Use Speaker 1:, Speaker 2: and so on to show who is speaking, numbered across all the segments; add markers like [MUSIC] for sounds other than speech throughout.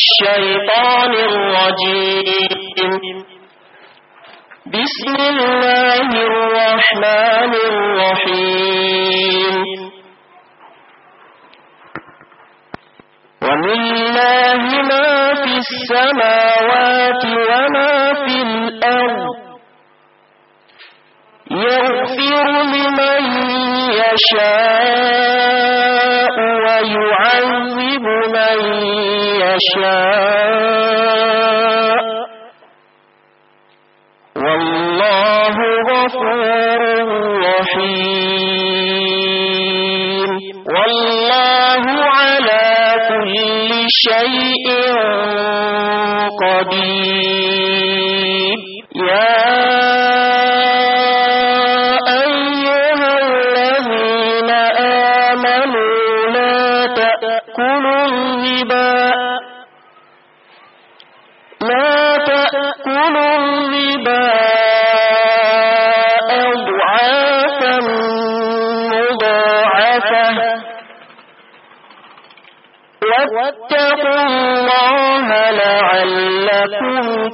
Speaker 1: الشيطان الرجيم بسم الله الرحمن الرحيم ولله ما في السماوات وما في الأرض
Speaker 2: يغفر
Speaker 1: يشاء ويعذب من يشاء والله غفور رحيم والله على كل شيء قدير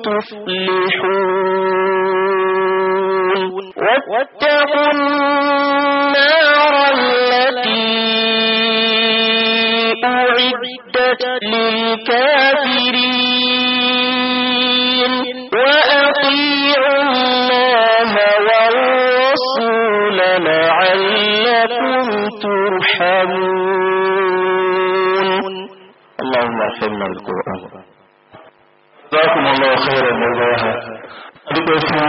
Speaker 1: تفلحون واتقوا النار التي أعدت للكافرين وأطيعوا الله والرسول لعلكم ترحمون
Speaker 3: الله خيرا جزاها adúgbò fún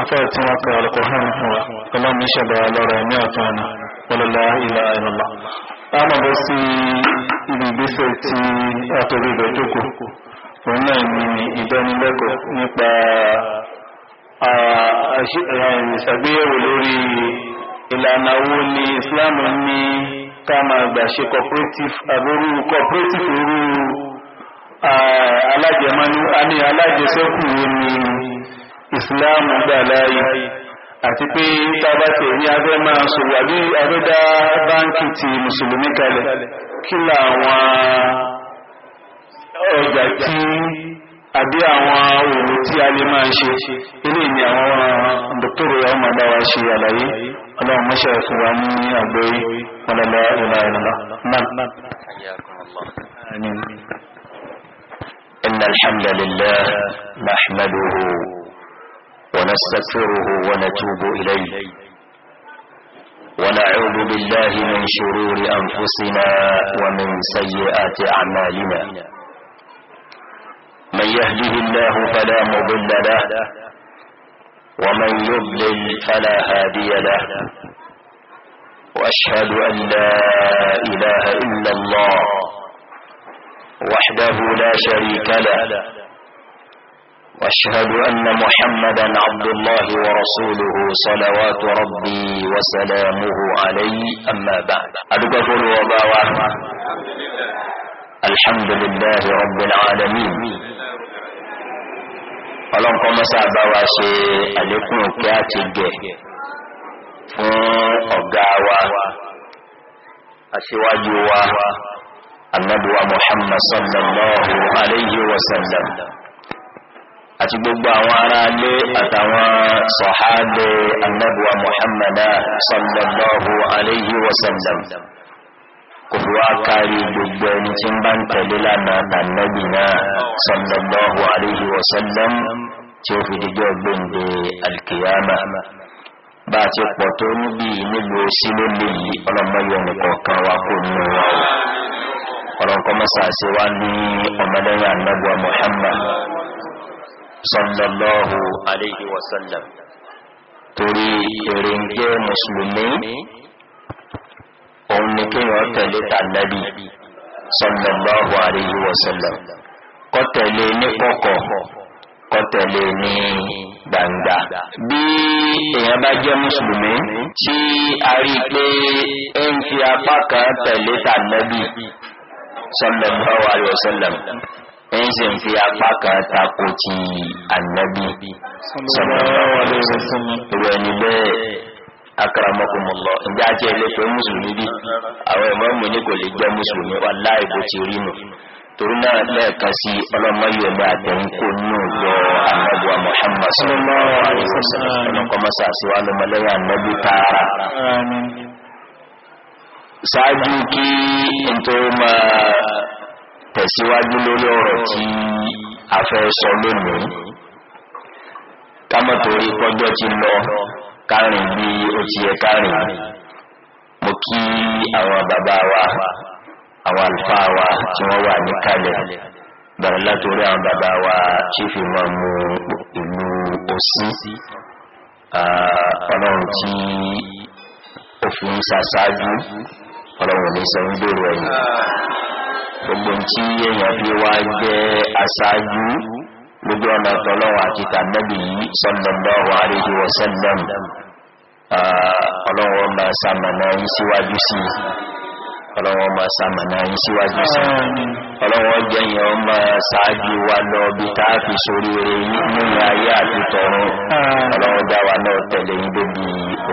Speaker 3: afẹ́ tí wọ́n kọ alukọ̀hán fún wa ọlọ́run ìṣẹ̀dá lọ́rọ̀ ní àfààní wọlọ́lá ilẹ̀ ìrọ̀lá àmọ̀bọ̀ sí ibi ìgbésẹ̀ tí àtọ́rí rẹ̀ jókòó òun náà ni ìdánilẹ́kọ̀ọ́ nípa ìṣàgbéyẹ̀wò lórí ìlànà wo ni Islam ní ká máa gbà ṣe cooperative àbúrú cooperative rú ala a ní alájẹsẹ́kù ní ìsìláàmù gbà láàyè àti pé tàbá tẹ̀ ní abẹ́ máa sọ̀rọ̀ àbí abẹ́dá báńkì ti mùsùlùmí kalẹ̀ kí làwọn ọjà tí àbí àwọn òwò tí a lè máa ṣe ilé ni àwọn bá
Speaker 4: إن الحمد لله نحمده ونستغفره ونتوب إليه ونعوذ بالله من شرور أنفسنا ومن سيئات أعمالنا من يهده الله فلا مضل له ومن يضلل فلا هادي له وأشهد أن لا إله إلا الله وحده لا شريك له واشهد ان محمدا عبد الله ورسوله صلوات ربي وسلامه عليه اما بعد ادغفر وباوا الحمد لله رب العالمين ولم kọ́ mọ́sá bá wa ṣe àlékún òkè annabuwa muhammad sallallahu alayhi wa sallam àti gbogbo àwọn ará alé àtàwọn sọ̀hábẹ̀ annabuwa muhammad sallallahu alayhi wa sallam kò fi wá kárí gbogbo ẹni tí ń bá ń tẹ̀lé lánàá nàbì náà sallallahu alayhi wa sallam tí ó fi dìjọ́ gbẹ̀ǹde alkiyama bá ti pọ̀ tó níbi nílùú sílé lè yí ọlọ́mọ yọ nìkọ̀ọ̀kan wa kò nínú wa ọlọ́nkọ́ mọ́sá sí wá ní ọmọdéyà annabuwa muhammad sallallahu alaihi wasallam torí èrèǹgẹ́ mùsùlùmí òun ni kí wọ́n tẹ̀lé tànàbí sallallahu alaihi wasallam kọ́tẹ̀lé ní kọ́kọ́ kọ́tẹ̀lé ní gbangba bí èèyàn bá jẹ́ mùsùlùmí tí a rí i pé ń fi apá kan tẹ̀lé tànàbí sallallahu alaihi wasallam ń sì ń fi apá kan tako ti annabi sallallahu alaihi wasallam ìwẹ̀ ni bẹ́ẹ̀ akaramakumullah ǹjẹ́ àti ẹlẹ́fẹ̀ẹ́ mùsùlùmí bí àwọn ìmọ̀ọ́mù ní kò lè jẹ́ mùsùlùmí wallahi bó ti rí nù torí náà lẹ́ẹ̀kan sí ọlọ́mọyẹ̀mí àtẹ̀yìnkò nínú ìjọ ànábùwà Muhammad sallallahu alaihi wasallam ọlọ́kọ́ mọ́sàásí tààrà ṣáájú kí n tó máa tẹ̀síwájú lórí ọ̀rọ̀ tí a fẹ́ sọ lónìí kámọ́ torí pọ́jọ́ ti lọ kárìn bí ó ti yẹ kárìn mo kí àwọn bàbá wa àwọn àlùfáà wa tí wọ́n wà níkàlẹ̀ bẹ̀rẹ̀ látòrí àwọn bàbá wa chief imam ìlú òsì ọlọ́run tí òfin ṣàṣáájú ọlọ́run ní sọ ń bèèrè ẹ̀yìn gbogbo tí èèyàn fi wá jẹ́ aṣáájú lójú ọ̀nà tọ́lọ́wọ́ àti tàbí yìí sallallahu alaihi wasallam ah, ọlọ́run ọmọ sàmọ̀nà yìí síwájú sí i ọlọ́wọ́ ma sàmànà yí síwájú sí ọlọ́wọ́ jẹyìn ọmọ sáájú wa lọ bí táà fi sórí rẹ̀ nínú ayé àti tọ̀run ọlọ́wọ́ dáwà náà tẹ̀lé yí débi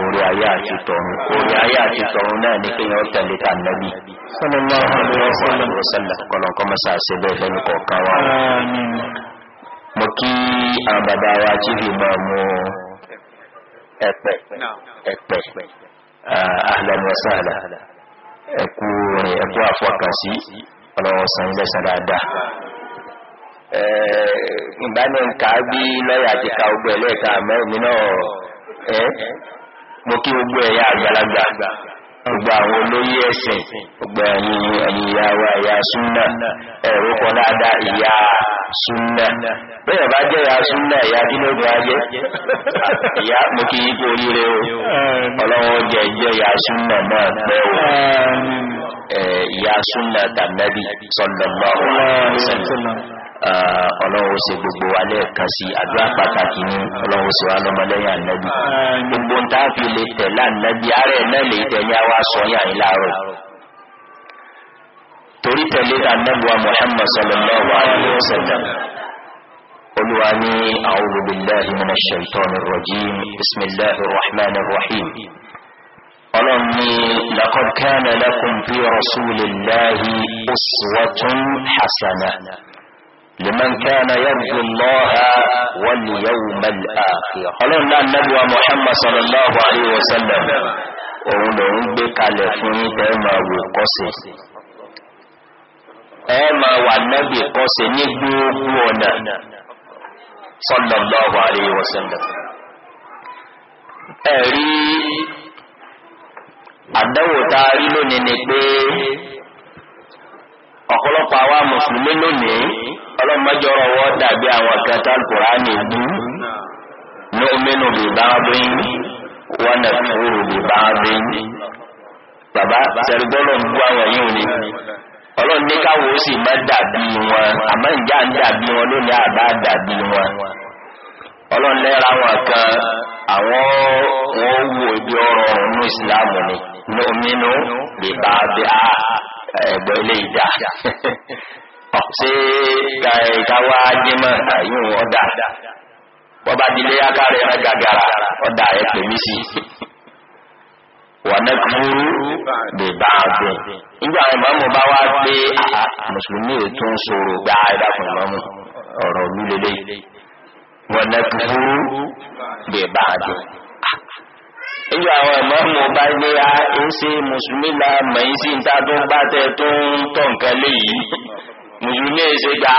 Speaker 4: orí ayé àti tọ̀run orí ayé àti tọ̀run náà ní kíyàn tẹ̀lé ta nẹ́bí mo kí àwọn bàbá ahlan wa Eku rẹ̀ ẹ̀kú àfọkànsí ọlọ́ọ̀sán ilẹ̀ sàdáadáa ìbáni nǹka bí lọ́yà àti ka ogbó ẹlẹ́ẹ̀ka mẹ́rin náà
Speaker 2: ẹ́ mo kí ogbó ẹ̀yà àgbàlagbà
Speaker 4: gbogbo àwọn olóyè ẹ̀sìn gbogbo ẹ̀yìn ẹ̀yìn
Speaker 2: ẹ̀rọ bẹ́ẹ̀ bá jẹ́ ya súnlẹ̀ ìyá dínlógún ayé ìyá mú kí yí kó oríire o ọlọ́wọ́ jẹ́ jẹ́ ya
Speaker 4: súnlẹ̀ náà pẹ́ o ìyá súnlẹ̀ tàbí sọ́lọ̀lọ́ ọlọ́wọ́ ṣe gbogbo wa lẹ́ẹ̀kan sí àdúrà pàtàkì ní ọlọ́wọ́ ṣe wá lọ́mọlẹ́yìn ànábì gbogbo ń tá fi lè tẹ̀lé ànábì ààrẹ náà lè tẹ̀lé àwa sọ yàn láàárọ̀ torí tẹ̀lé ànábì wa Muhammad sallallahu alaihi wasallam العلواني أعوذ بالله من الشيطان الرجيم بسم الله الرحمن الرحيم اني لقد كان لكم في رسول الله
Speaker 2: أسوة حسنة لمن كان
Speaker 4: يرجو الله
Speaker 2: واليوم
Speaker 4: الآخر ألم النبي محمد صلى الله عليه وسلم وأولئك ربك على فنيت ما وقصه ẹ máa wà nábì kọ́ se ní gbogbo ọ̀nà sallallahu alayhi wa sallam ẹ̀rí àdánwò tá a rí lónìí ni pé ọ̀pọ̀lọpọ̀ àwa mùsùlùmí lónìí ọlọ́mọdé ọ̀rọ̀ wọ́n dàbí àwọn kẹta kùránì bú nu'minu bi ba'din wa nakfuru bi ba'din bàbá tẹ̀rí ń bú àwọn yìí ọlọ́run ní ma sì dàbí wọn àmọ́ ìjà ń dàbí wọn lónìí àbá dàbí wọn ọlọ́run lẹ́ra wọn kan àwọn wọn wò ibi ọrọ̀ ni lómìnú lè bí a ah, ẹ̀gbọ́ ilé ìjà ṣé káwá jẹ́mọ̀ àyùn ọ̀dà bọ́bá dilé wọnẹkùnrú bèbá àbẹ nígbà àwọn ìmọ̀ọ́mù bá wá gbé mùsùlùmí ètò ń sọ̀rọ̀ gba ẹ̀dàkùn ìmọ̀ọ́mù
Speaker 2: ọ̀rọ̀ òlú lélẹ̀
Speaker 4: wọnẹkùnrú bèbá àbẹ. nígbà àwọn ìmọ̀ọ́mù bá gbé a ń ṣe mùsùlùmí la mẹ̀yìn sí níta tó ń bá tẹ tó ń tọ̀ nǹkan léyìí mùsùlùmí èsè gba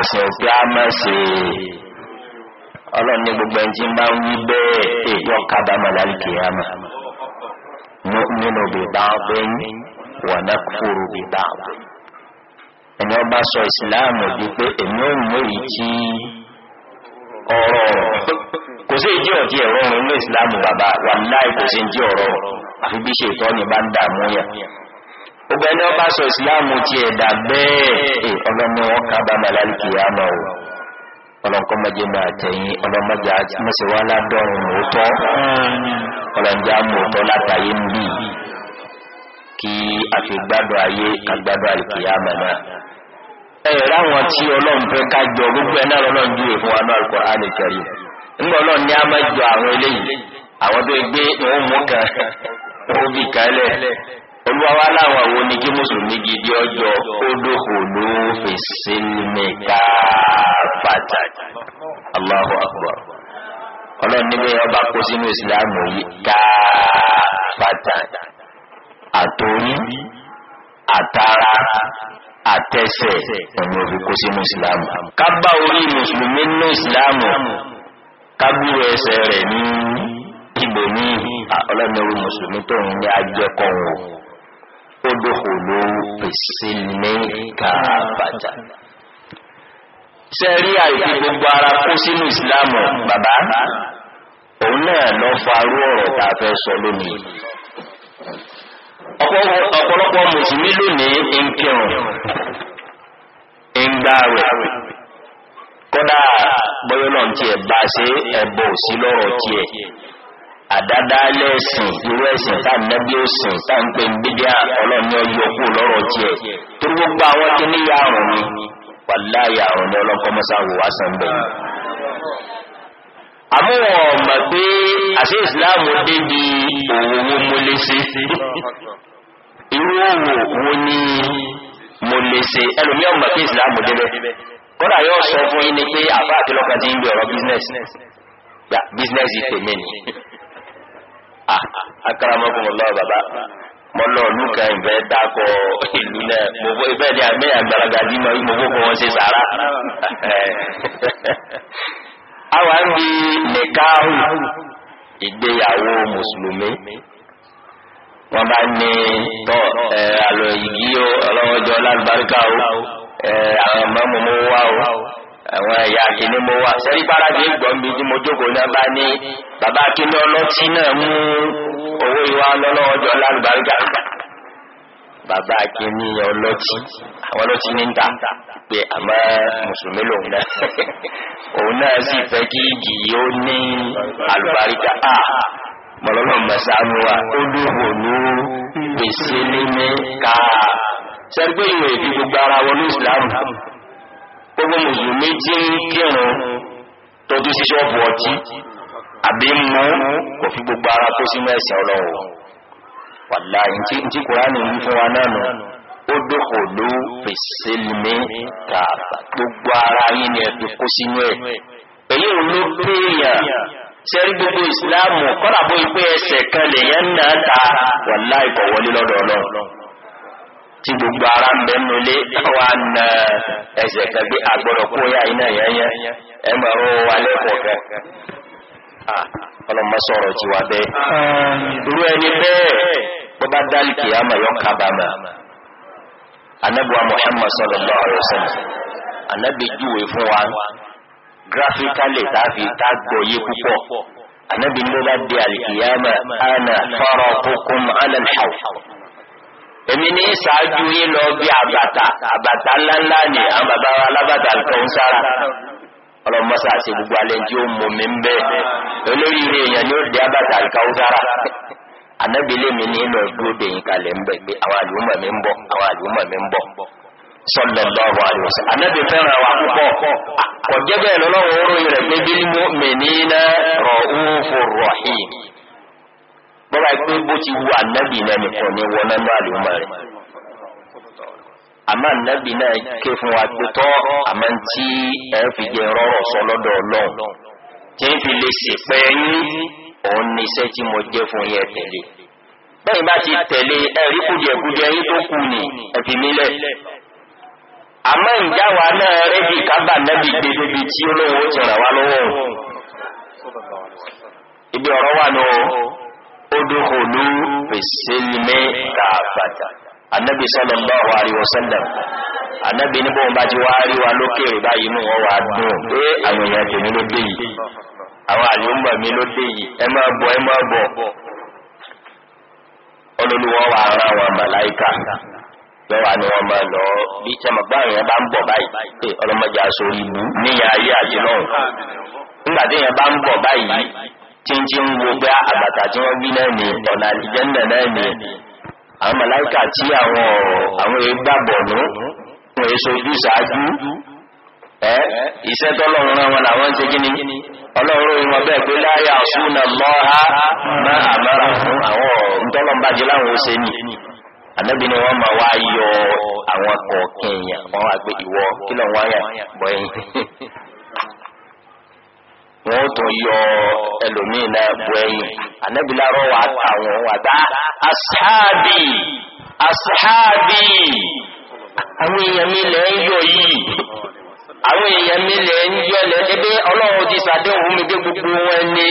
Speaker 4: ẹ̀sẹ̀ òkè àmọ́sẹ̀ ọlọ́run ní gbogbo ẹni tí ń bá ń wí bẹ́ẹ̀ èyí ọ̀kadà mọ̀ lálùkè àmọ́ nu'minu bi ba'din wa nakfuru bi ba'din ẹni ọba sọ ìsìláàmù di pé èmi ò mú èyí tí ọ̀rọ̀ kò sí èyí ọ̀tí ẹ̀rọ ọ̀run ní ìsìláàmù bàbá wàláì kò sí èyí ọ̀rọ̀ àfi bí ṣe ìtọ́ni bá ń dààmú yà gbogbo ẹni ọba sọ ìsìláàmù ti ẹ̀dà bẹ́ẹ̀ ọlọ́mọ ọkà bàbá lálùkì yà máa wò. ọlọ́nkọ́ mọ́jẹ́ mọ́ àtẹ̀yìn ọlọ́mọ́jẹ́ mọ́sẹ̀wá ládọ́rùn òótọ́ ọlọ́njẹ́ àmòótọ́ látàyé ń bì kí a fi ayé ká gbádùn àlìkìyà mọ̀nà ẹ̀yẹ̀ tí ọlọ́run fẹ́ gbogbo ẹ̀ náà lọ́lọ́run a [LAUGHS] olùwàwà láwọn àwọn oníkí mùsùlùmí gidi ọjọ́ odòkòló fèsìlmì káfàtà Allahu akbar ọlọ́run níbi ọba kó sínú ìsìlámù yìí káfàtà àtòrí àtara àtẹsẹ̀ ọ̀nà òfin kó sínú ìsìlámù ká bá orí mùsùlùmí nínú ìsìlámù ká gbúrò ẹsẹ̀ rẹ̀ ní ibòmí ọlọ́run orí mùsùlùmí tóun ní ajẹ́kọ̀ọ́ fẹ́dọ̀kọ̀lọ́ pèsè ní kàbàtà
Speaker 2: sẹ́rí àìfi gbogbo ara kó sínú ìsìláàmù bàbá
Speaker 4: òun náà lọ farú ọ̀rọ̀ tá fẹ́ sọ lónìí
Speaker 2: ọ̀pọ̀lọpọ̀ mùsùlùmí lónìí ń kírun
Speaker 4: ń gbààwẹ̀ kódà bọ́yọ̀ náà tiẹ̀ bá ṣe ẹ̀bọ̀ sí lọ́rọ̀ tiẹ̀. àdádálẹ̀ ẹ̀sìn irú ẹ̀sìn tá nẹ́bí ó sìn tá ń pè ń bídíà ọlọ́ni ọyọ kú lọ́rọ̀ tiẹ̀ tó gbogbo àwọn tó ní yàrùn ni wàláyà àrùn ni ọlọ́kọ́ mọ́sáwò wá sàn bẹ́ẹ̀. àmúwọ̀n ọ̀mọ̀
Speaker 2: pé àṣẹ ìsìláàmù débi òwò wo mo lè ṣe irú òwò wo ni mo lè ṣe ẹlòmíràn mọ̀ pé ìsìláàmù débẹ̀ kọ́dà yóò sọ fún yín ni pé àbá àti ọlọ́kàn ti ń lo ọ̀rọ̀
Speaker 4: bísínẹ́sì akaramakumullah baba mọlọ olùkà ìfẹ́ dákọ ìlú náà gbogbo ìfẹ́ ní àmì àgbàlagbà bí mo gbogbo kọ wọn ṣe sàrà. àwa [LAUGHS] ń bi nìkaahù ìgbéyàwó mùsùlùmí wọn bá ní tọ ẹ àlọ ìgí o ọlọwọjọ lálùbáríkà o ẹ àwọn mọmọmọ wá o àwọn ẹ̀yà kìíní mo wà sẹ́rí gbáradì ìgbọ̀nbi tí mo jókòó náà bá ní bàbá kìíní ọlọ́tí náà mú owó ìwà ọlọ́lọ́ọ̀jọ́ lálùbáríkà bàbá kìíní ọlọ́tí àwọn ọlọ́tí ní ń ta pé àmọ́ mùsùlùmí lòun náà [LAUGHS] òun náà sì fẹ́ kí igi yìí ó ní àlùbáríkà a mọ̀lọ́lọ́ mẹ́sàánú wa ó dúró ní gbèsè ní ká sẹ́gbẹ́ ìwé ìdí gbogbo ara wọn ní ìsìlámù gbogbo mùsùlùmí tí ń kírun tó tún sí ṣọ́ọ̀bù ọtí àbí mú kò fi gbogbo ara kó sínú ẹ̀sìn ọlọ́run wàláhì ntí kùránì ń fún wa náà nù ó dókò ló fèsì lé ká gbogbo ara yín ni ẹ̀fí kó sínú ẹ̀
Speaker 2: èyí ò ló péyàn
Speaker 4: sẹ́rí gbogbo ìsìláàmù kọ́nà bó ipé ẹsẹ̀ kan lèyàn náà ta wàláhì kọ̀ wọlé tí gbogbo ara ń bẹnu lé wà nà ẹsẹ̀ kan gbé àgbọ̀dọ̀ kó yá iná yẹnyẹ ẹ mọ̀ ọ́ wà lẹ́kọ̀ọ́ kan. ọlọ́mọ sọ̀rọ̀ tí wà bẹ́ẹ̀.
Speaker 3: irú ẹni bẹ́ẹ̀
Speaker 4: bó bá dálì kìyàmà yọ kábàámà. anábùwà muhammad sallallahu alaihi wasallam anábì júwe fún wa gráfíkálì tàbí tágbọ̀yé púpọ̀ anábì ní bá dé àlìkìyàmà ana faraqukum ala al-hawd èmi ní ṣáájú yín lọ bí àbàtà àbàtà ńláńlá ni àwọn bàbá wa alábàtà kan ń sára
Speaker 2: ọlọmọsá àti gbogbo alẹ́ tí ó mú mi ń bẹ́ olórí ilé èèyàn ni ó dé àbàtà kan sára
Speaker 4: anábìlẹ̀ mi ní lọ dúró dèyìn kalẹ̀ ń bẹ̀ pé àwọn àlùmọ̀ mi ń bọ̀ àwọn àlùmọ̀ mi ń bọ̀ sọlọlọ́wọ́ àríwọ̀sán anábì fẹ́ràn wa púpọ̀ kọjẹ́ bẹ́ẹ̀ lọ́wọ́ bọ́ba pé bó ti wu ànábì náà nìkan ní wọ nánú àlùmọ́ rẹ̀ àmọ́ ànábì náà ké fún wa pé tọ́ àmọ́ tí ẹ fi jẹ rọ́rọ̀ sọ lọ́dọ̀ ọlọ́run tí ń fi lè ṣèpẹ́ yín òun ni iṣẹ́ tí mo jẹ́ fún yín ẹ tẹ̀lé bẹ́ẹ̀ bá ti tẹ̀lé ẹ̀rí kùdìẹ̀kùdìẹ̀ yín tó kù ní ẹ̀fì nílẹ̀
Speaker 2: àmọ́ ìjà náà rẹ́dì kábà nẹ́bí gbé débi tí olówó ti ràn wá lọ́wọ́
Speaker 4: ibi ọ̀rọ̀ udkhulu fis-silmi kafata anabi sallallahu alaihi wasallam anabi ní bóun bá ti wá rí wa lókèrè báyìí inú wọn wà dùn pé àwọn èèyàn tèmi ló dé yìí àwọn àlùmọ̀ mi ló ma ara wọn màláìka lọ́wọ́ ni máa lọ bí yẹn bá ń báyìí aṣọ ìlú níyà ayé àti nígbà tí yẹn bá ń tí ń wo pé àbàtà tí wọ́n bí náà ní ọ̀nà àlìjẹ́ndà náà a àwọn màláìkà tí àwọn àwọn èso ojú ẹ́ iṣẹ́ tọ́lọ́run wọn làwọn ń ṣe kí ni ọlọ́run bẹ́ẹ̀ pé láyà àmọ́ra fún àwọn ìtọ́lọ́mbàjẹ́ láwọn ó ṣe ni wọ́n máa wá yọ àwọn kọ̀ọ̀kan èèyàn wọ́n wá ìwọ [LAUGHS] wọn ò tún yọ ẹlòmíì náà bu ẹyin anabilarọ wa ta wọn wa ta asahabi asahabi
Speaker 1: àwọn èèyàn mi lẹ ń yọ yìí àwọn èèyàn mi lẹ ń yọ lẹ ẹbí ọlọ́run ti sàdéhùn mi dé gbogbo
Speaker 2: wọn ni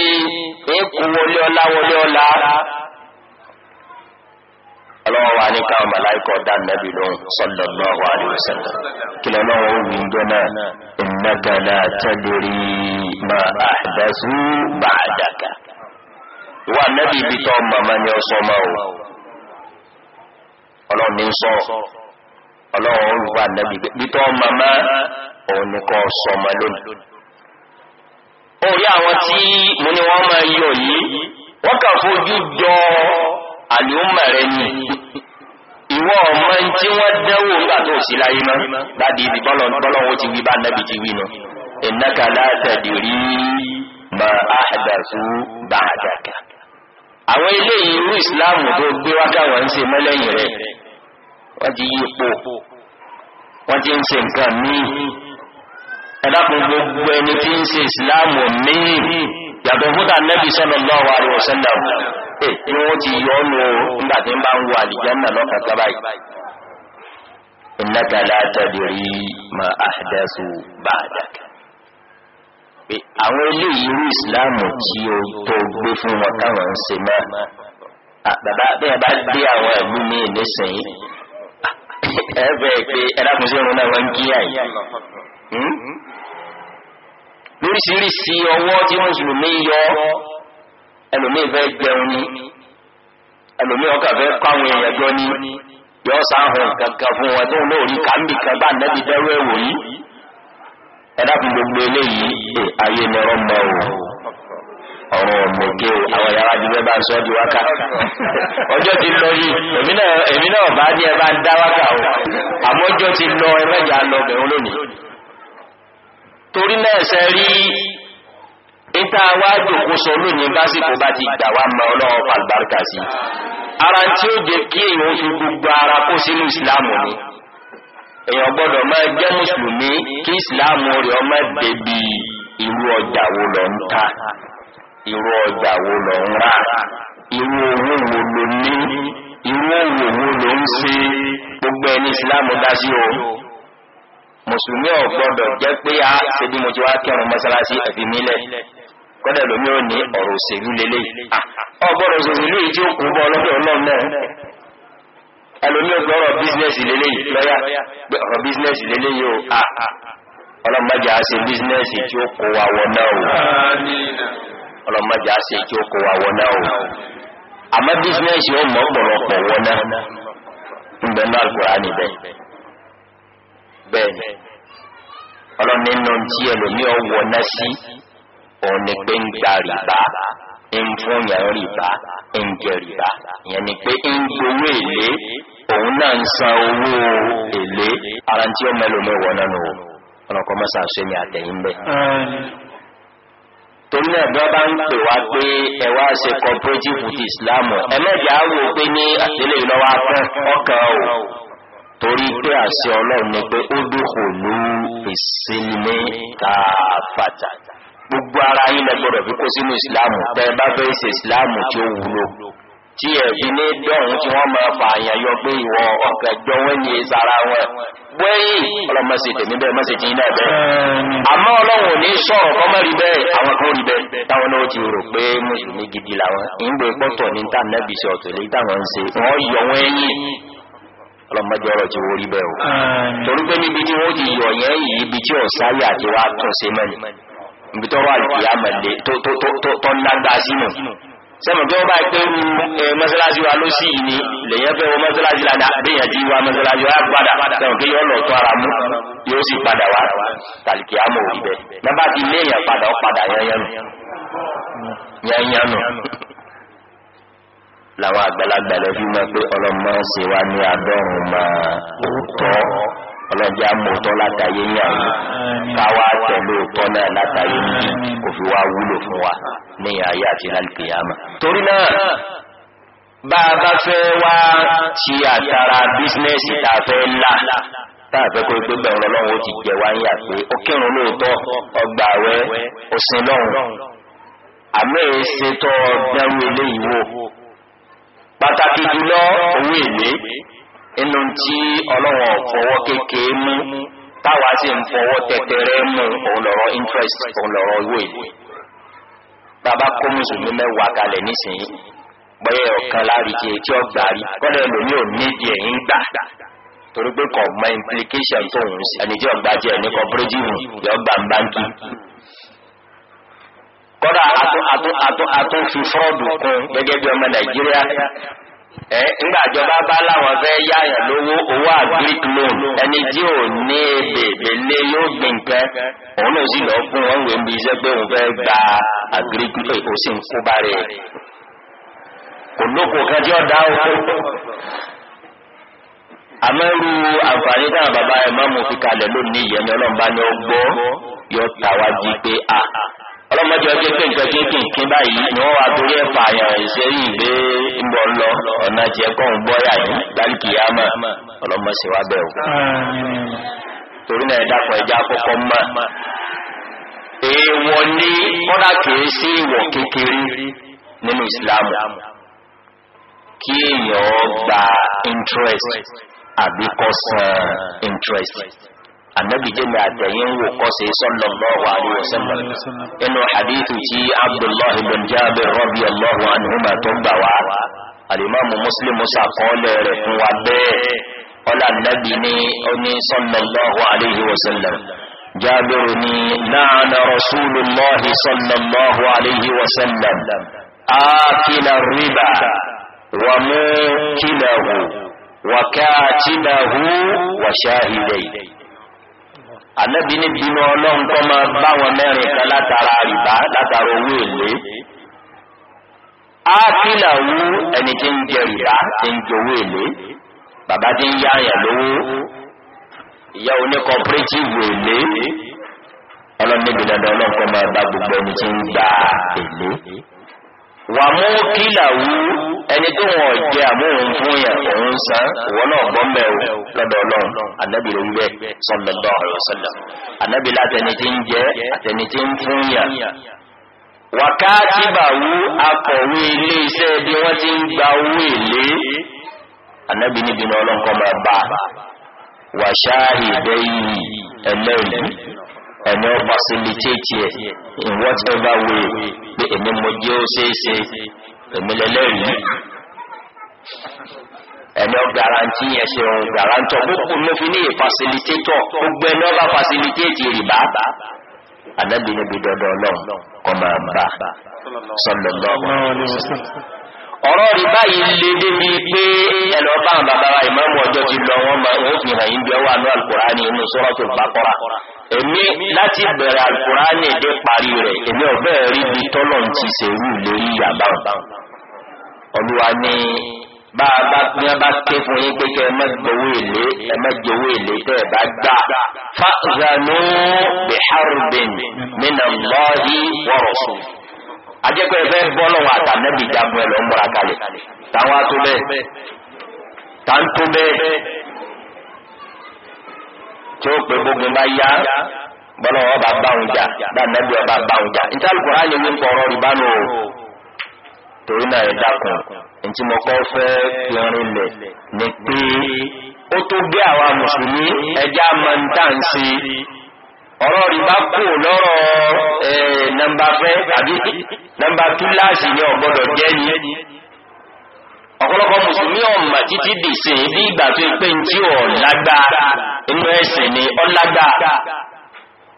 Speaker 2: èkó wọlé ọlá wọlé ọlá
Speaker 4: ọlọ́wọ́ wa ní káwọn màláìkọ̀ dá nàbì lóhun sallallahu alaihi wasallam kí lọ́wọ́ wí ń dọ́nà innaka la tadri ma àdásù bá àdàkà ìwà nẹ́bí ibi tó màmá ni ọ sọ máa o ọlọ́run ní sọ ọlọ́run ń wà nẹ́bí ibi tó màmá òun ni kò sọ ọmọ lónìí. orí àwọn tí mo ní wọ́n máa yọ yìí wọ́n kà fojú jọ àlùmọ̀ rẹ ni ìwọ ọmọ tí wọ́n dẹ́wò nígbà tó sí láyé mọ́ dáàdi ibi ti wí bá nẹ́bí ti wí náà. innaka la tadiri ma ahdathu ba'daka àwọn eléyìí irú ìsìláàmù tó gbé wákà wọn ń ṣe mọ́lẹ́yìn rẹ̀ wọ́n ti yí wọ́n ti ń ṣe mi. míì gbogbo ẹni tí ń ṣe ìsìláàmù míì yàtọ̀ fún tànẹ́bì ẹ̀ wọ́n ti yọ ọ́nù nígbà tí ń bá ń wọ àlìjánà lọ́kàn yìí ma àwọn eléyìí irú ìsìláàmù tí ó tó gbé fún wọn káwọn ń náà bàbá bá dé àwọn ẹ̀lú ní pé
Speaker 2: náà wọ́n
Speaker 4: ń àyè hmm? lóríṣiríṣi tí mùsùlùmí yọ fẹ́ jẹun ni ẹlòmíì ọkà fẹ́ kọ́ èèyàn jọ ni yọ sáà kankan fún wọn tó ń lóòrí bá nẹ́bí dẹ́rù ẹ̀dàkùn gbogbo eléyìí ṣe ayé mọ́ ọ̀rọ̀ ọ̀mọ̀gé àwọn yàrá ju bá ń sọ ti lọ yìí èmi náà bá ní ẹ ń dá o ti lọ ẹ mẹ́jà lónìí torí náà rí níta wá jòkó ti gbà wá mọ
Speaker 2: ara tí ó jẹ kí èèyàn gbogbo ara kó sínú ìsìlámù ni.
Speaker 4: èèyàn gbọ́dọ̀ máa jẹ́ mùsùlùmí kí ìsìláàmù rẹ̀ ọmọ débi irú ọjà wo lọ ń ta
Speaker 2: irú ọjà wo lọ ń rà
Speaker 4: irú owó wo ló ní irú owó wo ló ń ṣe gbogbo ẹni ìsìláàmù dá sí o mùsùlùmí ò gbọ́dọ̀ jẹ́ pé a ṣe bí mo ti wá kírun mọ́sálásí ẹ̀fí nílẹ̀
Speaker 2: kọ́dẹ̀ lómi ò ní
Speaker 4: ọ̀rọ̀ òṣèlú lélẹ́yìí ọgbọ́dọ̀ òṣèlú yìí tí ó kú bọ́ ọlọ́dọ̀ ọlọ́run náà ẹlòmí ọgbọ ọ̀rọ̀ bísínẹsì lélẹyìn lọọyà ọ̀rọ̀ bísínẹsì lélẹyìn o a ah, ah. ọlọmọdé àṣẹ bísínẹsì tí ó kó wa wọ náà o ọlọmọdé àṣẹ tí ó kó wa wọ náà o àmọ́ bísínẹsì ó mọ ọ̀pọ̀lọpọ̀ wọ náà ńbẹ náà kúrò á níbẹ̀ bẹ́ẹ̀ni ọlọmọdé náà ń jẹ rìbá ìyẹn ni pé ń gbowó èlé òun náà ń san owó èlé ara tí ó mẹ́lòmí wọ̀ náà nù ọ̀nà kan mọ́sà ṣe ni àtẹ̀yìn bẹ́ẹ̀
Speaker 3: torí náà bí wọ́n bá ń pè wá pé ẹ wá ṣe cooperative ti Islam ẹlẹ́jà á wò pé ní àtẹlẹ́
Speaker 4: ìlọ́wọ́ afẹ́ ọkàn o torí pé àṣẹ Ọlọ́run ni pé ó dúkòó ló fèsì ní káfàtà gbogbo ara yín lẹ gbọ́dọ̀ fi kó sínú ìsìláàmù tẹ ẹ bá fẹ́ ṣe ìsìláàmù tí ó wúlò tí ẹ fi ní dọ̀hún tí wọ́n máa fà àyàn yọ pé ìwọ ọ̀kẹ́ jọ wọ́n ní sara wọn wẹ́yìn ọlọ́mọsí tèmi bẹ́ẹ̀ mọ́sí ti iná bẹ́ẹ̀ àmọ́ ọlọ́run ò ní sọ̀rọ̀ kọ́mọ́rí bẹ́ẹ̀ àwọn kan rí bẹ́ẹ̀ táwọn náà ti rò pé mùsùlùmí gidi làwọn ìgbè pọ́tọ̀ ní ta nẹ́bí sí ọ̀tẹ̀lẹ́ táwọn ń ṣe wọ́n yọ wọ́n ẹ̀yìn ọlọ́mọdé ọ̀rọ̀ ti wọrí bẹ́ẹ̀ o
Speaker 2: torí pé níbi tí wọ́n ti yọ̀ yẹn yìí ibi tí ọ̀sáyà ti wá tún ṣe mẹ́rin ibi tọ́rọ àlùkìyàmọ̀lẹ̀ tó lágbà sínú sẹ́mọ̀ tó bá pé rú mọ́sálásí wa ló sí ìní lèyàn fẹ́ wọ mọ́sálásí ládá bíyàn tí wa e, mọ́sálásí wa padà sẹ́mọ̀ pé yọ́ lọ tó ara mú yóò sì padà wá
Speaker 4: tàlìkìyàmọ̀ òbí bẹ́ẹ̀ nọ́bá ti léèyàn padà ó padà yányánù làwọn àgbàlagbà lọ fi mọ́ pé ọlọ́mọ ṣe wá ní adọ́rùn-ún máa tọ́ ọlọ́jà mọ̀tọ́ látàyé ń yàn yìí káwá tẹ̀lé òtọ́ náà látàyé ń yìí kò fi wá wúlò fún wa ní ayé àti alìkèyàmà. torí náà bá a bá fẹ́ wá ti àtàrà bísínẹ́sì tá a fẹ́ kó
Speaker 2: pé bẹ̀rù ọlọ́run ó ti jẹ wá ń yà pé ó kírun lóòótọ́ ọgbà àwẹ̀ òsín lọ́hùn
Speaker 4: àmọ́ èyí ṣe tọ́ eléyìí wò pàtàkì jùlọ owó èlé inú tí ọlọ́wọ́ fọwọ́ kékeré mú táwa sì ń fọwọ́ tẹ̀tẹ̀rẹ́ mú òun lọ́rọ̀ interest òun lọ́rọ̀ ìwé bàbá kó mùsùlùmí mẹ́wàá kalẹ̀ nísìnyí bọ́yẹ̀ ọ̀kan láríkè tí ó gbà rí kọ́lẹ̀ lómi ò nídìí ẹ̀yìn gbà torí pé kò mọ implication tó ń sí ẹni tí ọgbà jẹ ní cooperative yọ gbà ń báńkì. kọ́dà àtún àtún àtún àtún fi fúrọ́ọ̀dù kún gẹ́gẹ́ bí ọmọ nàìjíríà e ńgbàjọba bá láwọn fẹ́ yáyàn lówó owó agric loan ẹni tí ò ní ebè èlé yóò gbìn nǹkan òun náà sì lọ fún wọn wèé bí iṣẹ́ pé òun gba agric loan ó sì ń kó bá kò lóko kan tí ó dá o àmọ́rú àǹfààní táwọn bàbá ẹ̀ máa mú fi kalẹ̀ lónìí yẹn ni ọlọ́run bá ní ọgbọ́ yọ tàwájú a.
Speaker 2: ọlọ́mọdé ọjọ́ pé nǹkan
Speaker 4: kéékèèké báyìí ni wọ́n wá torí ẹ̀ pààyàn ìṣe yìí gbé ń bọ̀ lọ ọ̀nà tiẹ̀ kọ́ ń bọ́yà yìí láìkì yá mà ọlọ́mọṣe wá bẹ̀ o. torí náà ẹ̀dá ẹja kọ́kọ́ mọ̀ èèwọ̀ ni kọ́dà kìí sí ìwọ̀ kékeré nínú ìsìlámù kí èèyàn gba interest àbí kó san interest. annabi jẹ́mi dayin wò ko sai sallallahu alaihi wasallam inna hadithu ji abdullah bin jabir radiyallahu anhuma tó gbà wá alimamu muslim qala rẹ̀ fún wa be ọlá nabi ní oní sallallahu alaihi wasallam jabir ní la'ana rasulullah sallallahu alaihi wasallam akila riba
Speaker 2: wa mukilahu
Speaker 4: wa katibahu wa shahidai ànábi ní bínú ọlọ́run kọ́ máa bá wọn mẹ́rin kan látara rìbá látara owó èlé ákìlà wú ẹni tí ń jẹ rìbá tí ń jowó èlé bàbá tí ń yá àyàn lówó ìyá oní kọpírẹ́tìfù èlé ọlọ́run níbi dandan ọlọ́run kọ́ máa bá gbogbo ẹni tí ń gba èlé wà mú kílàwú ẹni tó wọn jẹ àmóhun fún yẹn òun san ìwọ náà bọ́m̀bẹ̀ o lọ́dọ̀ ọlọ́run ànábì ló ń bẹ sallallahu alaihi wasallam ànábì látẹni tí ń jẹ àtẹni tí ń fún yẹn wákàtìbàwú akọ̀wé ilé bí wọ́n ti ń gba owó èlé ànábì níbi ní ọlọ́nkọ́ máa bá wà ṣáàrì ìdẹ́yìn ẹlẹ́rìí ẹ̀mí ọ facilitate ẹ̀ in whatever way pé èmi mo jẹ́ ó ṣeé ṣe èmi lẹ́lẹ́rìí ẹ̀mọ́ garanti yẹn ṣe òun garantọ̀ gbogbo ló fi ní ìfasilitétọ̀ gbogbo ẹni ọba fasilitéètì rìbá ànábì níbi dandan náà kọ́ máa bá sọ́nà náà
Speaker 2: ọ̀rọ̀ rìbá yìí lè débi pé ẹ̀lọ́ bá àwọn bàbá ìmáàmù ọjọ́ ti lọ wọn ó fi hàn yín bí ọwọ́ àánú àlùkùránì inú sọ́rọ́tò
Speaker 4: bàkọ́ra èmi láti bẹ̀rẹ̀ alukurani dé parí rẹ̀ èmi ọ̀bẹ rí bí tọ́lọ̀ ti ṣerú lórí yàrá olúwa ni bá a bá bí wọn bá ké fún yín pé kẹ ẹ má gbowó èlé ẹ má èlé tẹ ẹ bá gbà
Speaker 2: fàzànú biharbin
Speaker 4: min Allahi wa rasul.
Speaker 2: ajẹ́pẹ́ fẹ́ bọ́ lọ́wọ́ àtànẹ́bìjà fún ẹ lọ́mọ́ra
Speaker 4: kalẹ̀ táwọn atúbẹ̀ táwọn atúbẹ̀. tí pe gbogbo bógun bá yá
Speaker 2: bọ́lá wọn bá bá
Speaker 4: ọba bá òun jà níta alukóra yẹn ní nkọ̀rọ̀ rìbá o torí náà ẹ dákun
Speaker 2: ntí mo kọ́ fẹ́ kẹrin lẹ̀
Speaker 4: ní pé ó tó gbé mùsùlùmí ẹja máa ń tà ń ṣe lọ́rọ̀ ẹ̀ eh, nàmbà fẹ́ àbí nàmbà ni ọ̀gbọ́dọ̀ ọ̀pọ̀lọpọ̀ mùsùlùmí ọ̀mà títí dìsè bí ìgbà tó pé ń tí ọ̀lágbá inú ẹ̀sìn ni ọ̀lágbá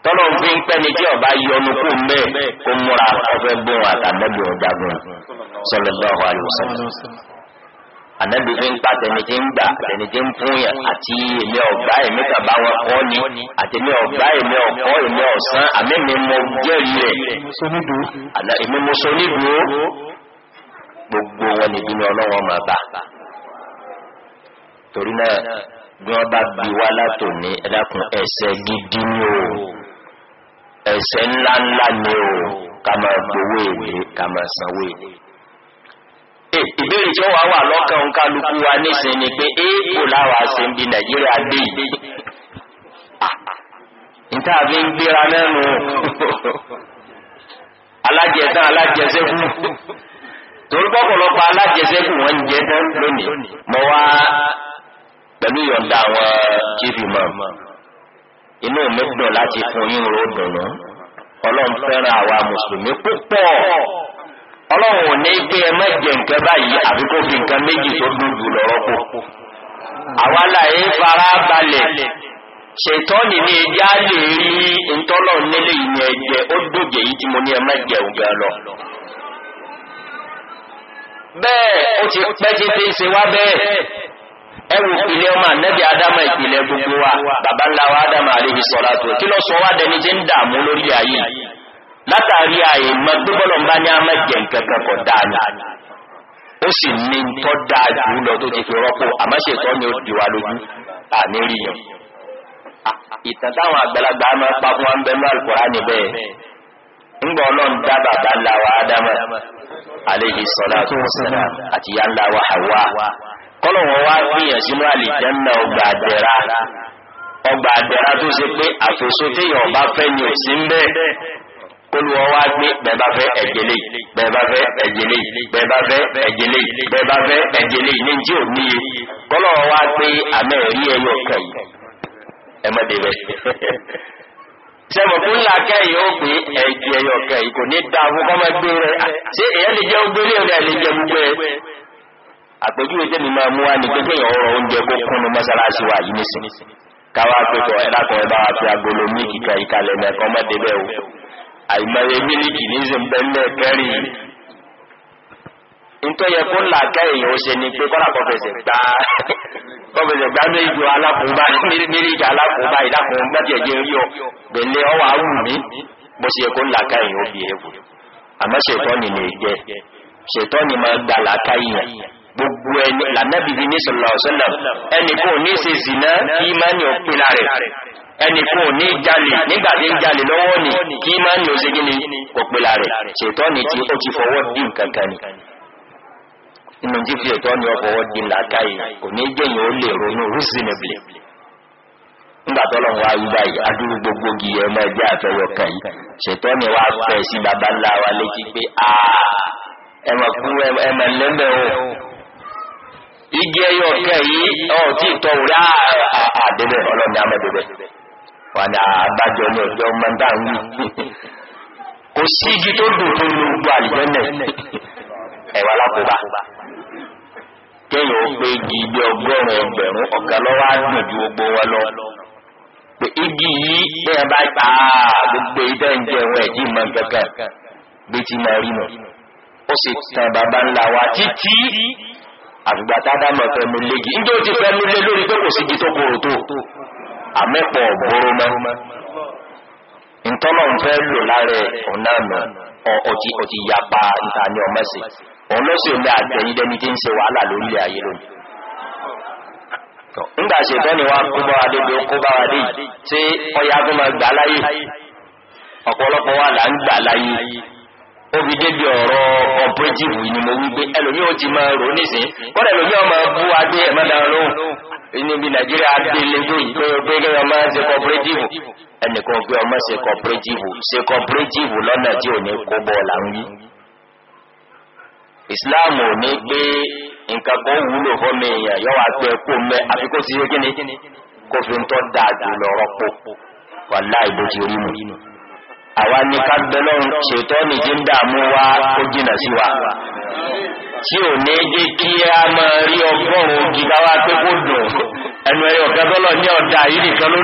Speaker 4: tọ́lọ̀ ń fi ń pẹ́ ni tí ọba yọnu kú mẹ́ kó múra ọfẹ́ gbóhùn àtàlẹ́bí ọ̀jágun sallallahu alaihi wasallam ànábì fi ń pa tẹni tí ń gbà tẹni tí ń fún yẹn àti èmi ọ̀gbá èmi kàbá wọn kọ́ ni àti èmi ọ̀gbá èmi ọ̀kọ́ èmi ọ̀sán àmì mi mo jẹ́rìí
Speaker 2: rẹ̀ èmi mo so nídùú
Speaker 4: gbogbo wọn lè bínú ọlọ́wọ́n máa bá torí náà bí wọ́n bá bí wá látòní ẹ̀dákun ẹsẹ gidi ni o ni o ká máa gbowó èlé ká máa sanwó ìbéèrè tí wa nísìnyí ni pé éèpò láwa ṣe ń bi nàìjíríà dé fi ń gbéra mẹ́nu torí pọ̀pọ̀lọpọ̀ alájẹsẹ́kù wọn ń jẹ lónìí mo wá pẹ̀lú yọ̀ǹda àwọn chief imam inú mi dùn láti fún yín ro dùnú ọlọ́run fẹ́ràn àwa mùsùlùmí púpọ̀ ọlọ́run ò ní pé ẹ má nǹkan báyìí àbí kó fi nǹkan méjì tó dùn lọ́rọ́ pò àwa láyé fara balẹ̀ mo ní ẹ má jẹ
Speaker 2: bẹ́ẹ̀ ó ti pẹ́ títí se wá bẹ́ẹ̀ Ewu ìpìlẹ̀ ọmọ adama ìpìlẹ̀ gbogbo wa bàbá ńlá wa adama àlehi sọ̀rọ̀ tó kí lọ sọ wá dẹni tí ń dààmú lórí ayé
Speaker 4: látàrí àyè mọ gbígbọ́lọ̀ ń bá ní àmọ́ jẹ nǹkan kọ̀ ó sì ní lọ tó ti fi rọ́pò àmọ́ ni ó di wa lójú àníríyàn ìtàn táwọn ńgbà ọlọ́run dá bàbá ńlá wa ati aléhi sọláàtù àti wa wá ọgbà tó ṣe pé bá fẹ́ ń
Speaker 2: wá gbé ẹ̀jẹ̀lẹ̀ ẹ̀jẹ̀lẹ̀ ẹ̀jẹ̀lẹ̀
Speaker 4: ẹ̀jẹ̀lẹ̀ sẹ́wọ̀n kó ńlá kẹ́yìn ó gbé ẹ̀jú ẹ̀yọ̀ kẹ́yìn kò ní da fún kọ́mọ gbé rẹ̀ ṣé èyàn lè jẹ́ ogbé rí ọ̀rẹ́ lè jẹ́ gbogbo ẹ̀. àpèjúwe tẹ́mi máa mú wa ní kékeré ọ̀rọ̀ oúnjẹ kó kúnnu mọ́sálásí wa yìí nísìn káwá pẹ̀tọ̀ ẹ̀ ẹ̀ bá wa fi agolo mílìkì kan ìkalẹ̀ mẹ́kọ́ mọ́dé o àìmọye mílìkì ní
Speaker 2: ntọ́yẹ fún làákẹ́ èèyàn ó ni pé kọ́lá kọfẹsẹ̀ gbá
Speaker 4: kọfẹsẹ̀
Speaker 3: gbá méjì alákùnbá méjì alákùnbá ìdákùn gbàdìẹ̀jẹ̀
Speaker 2: rí ọ
Speaker 4: gbẹ̀lẹ́ ọwọ́ awù mí bó ṣe kó làákẹ́ èèyàn ó bí ewu àmọ́ ṣètọ́ni lè jẹ ṣètọ́ni máa gba làákẹ́ èèyàn gbogbo ẹni lànàbí fi ní sọlọ ọsọlọ ẹnì kò ní ṣe zìnà kí máa ní òpìlà rẹ ẹnì kò ní jalè nígbà tí ń jalè lọ́wọ́ ni kí máa ní òṣègì ni òpìlà rẹ ṣètọ́ni tí ó ti fọwọ́ dín kankan ni. nínú títí ètò ni ọ̀fọwọ́ di làákàyè kò ní jẹ́yìn ó lè ronú reasonably nígbà tó lọ́n wá yìí adúrú gbogbo gi máa jẹ́ kan yìí ni wàá fẹ́ sí baba ńlá wa létí pé ẹ mọ̀ kú ẹ mọ̀ lẹ́mẹ̀ o igi ẹyọ yìí ní wí kò sí igi tó dùn tó lu náà lákòóbá. kéèyàn ó pé igi ibi ọgọ́rùn ẹgbẹ̀rún ọ̀kan lọ́wọ́ á ju gbogbo lọ. pé igi yìí bẹ́ẹ̀ bá gbà á gbogbo ìdá ń jẹ ẹ̀wọ̀n ẹ̀jì bí ti máa rí nù. ó sì tan bàbá ńlá wa títí àgbà léegi ó ti fẹnu lé lórí pé kò sí igi tó korò tó àmẹ́pọ̀ ọ̀bọ̀rọ̀ mọ́. ntọ́nà ń fẹ́ lò lára ọ̀nà ọlọ́sẹ̀lú àtẹ̀yìndẹ́ni tí ń ṣe wàhálà lórílẹ̀ ayé lónìí nígbà ṣètọ́ ni wá kó bá ọya tó máa gbà láyé ọ̀pọ̀lọpọ̀ wa là ń gbà láyé ó fi débi ọ̀rọ̀ ni mo ó ti máa rò nísìn ọmọ bú dé ẹ̀mọ́ dáná
Speaker 2: nàìjíríà kí ṣe ẹnìkan ọmọ ṣe ṣe tí
Speaker 4: ò islam ò ní gbé nǹkan kan wúlò fọmọ èèyàn yọ wá gbé kó mẹ àfi kó ti ṣe kíni kó fi ń tọ́ rọpò bó ti rí mu. ti ń dààmú wa kó jìnnà sí wa
Speaker 2: tí ò ní jẹ́ kí a máa rí ọgọ́rùn-ún gíga wá pé kó dùn ẹnu ẹ̀yọ̀ kẹ́tọ́lọ̀ ní ọ̀dà yìí nìkan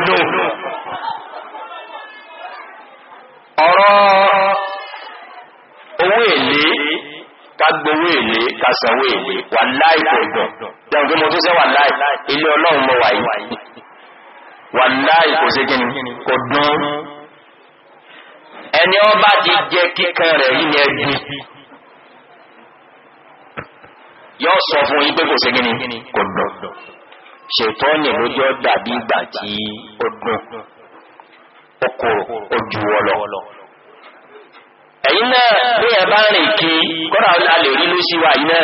Speaker 4: ká gbowó èlé ká sanwó èlé wà láì kò dùn
Speaker 2: dẹ̀hùn pé mo tún sẹ́ wà láì ilé ọlọ́run mo wà yìí
Speaker 4: wà láì kò ṣe kíni kò dùn ẹni ọba ti jẹ kíkan rẹ̀ yìí ni ẹbí yóò sọ fún yín pé kò ṣe kíni kò dùn ṣètò ọ̀nì lójú ọ̀dà ìgbà tí ó dùn ó ojú wọlọ.
Speaker 1: ẹ̀yìn náà bí ẹ bá
Speaker 4: rìn kí kọ́nà alè rí ló sí wa yìí náà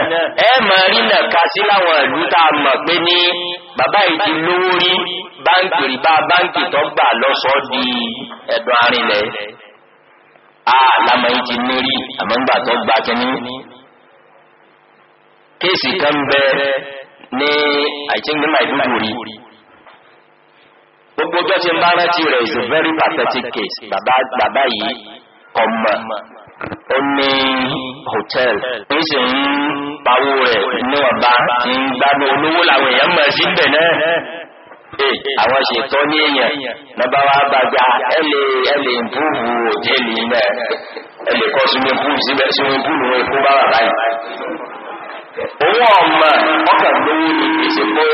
Speaker 4: ẹ mọ̀ rí nà ká sí láwọn ìlú tá a mọ̀ pé ní bàbá yìí ti lówó rí báńkì rí bá báńkì tó gbà lọ́sọ̀ọ́ di ẹ̀dùn arìnlẹ̀
Speaker 2: a làmọ̀ yìí ti ní rí àmọ́ tó gba kínní.
Speaker 4: kéèsì kan bẹ ní
Speaker 2: àìsíngbe Maiduguri
Speaker 4: gbogbo tó ti ń bá rántí rẹ̀ is a very pathetic case bàbá yìí. ọmọ ó ní hòtẹ́ẹ̀lì ní sì ń pawó rẹ̀ níwọ̀nba ń gbádùn olówó làwọn èèyàn mọ̀ sí bẹ̀ náà àwọn ṣètò ní èèyàn lọ́ba wa gbàgbà ẹ lè ẹ lè búùbù òtẹ́ẹ̀lì náà ẹ lè kọ́ swimming pool síbẹ̀ swimming pool wọn kó bá wà báyìí. owó ọmọ ọkàn gbówó ni kì í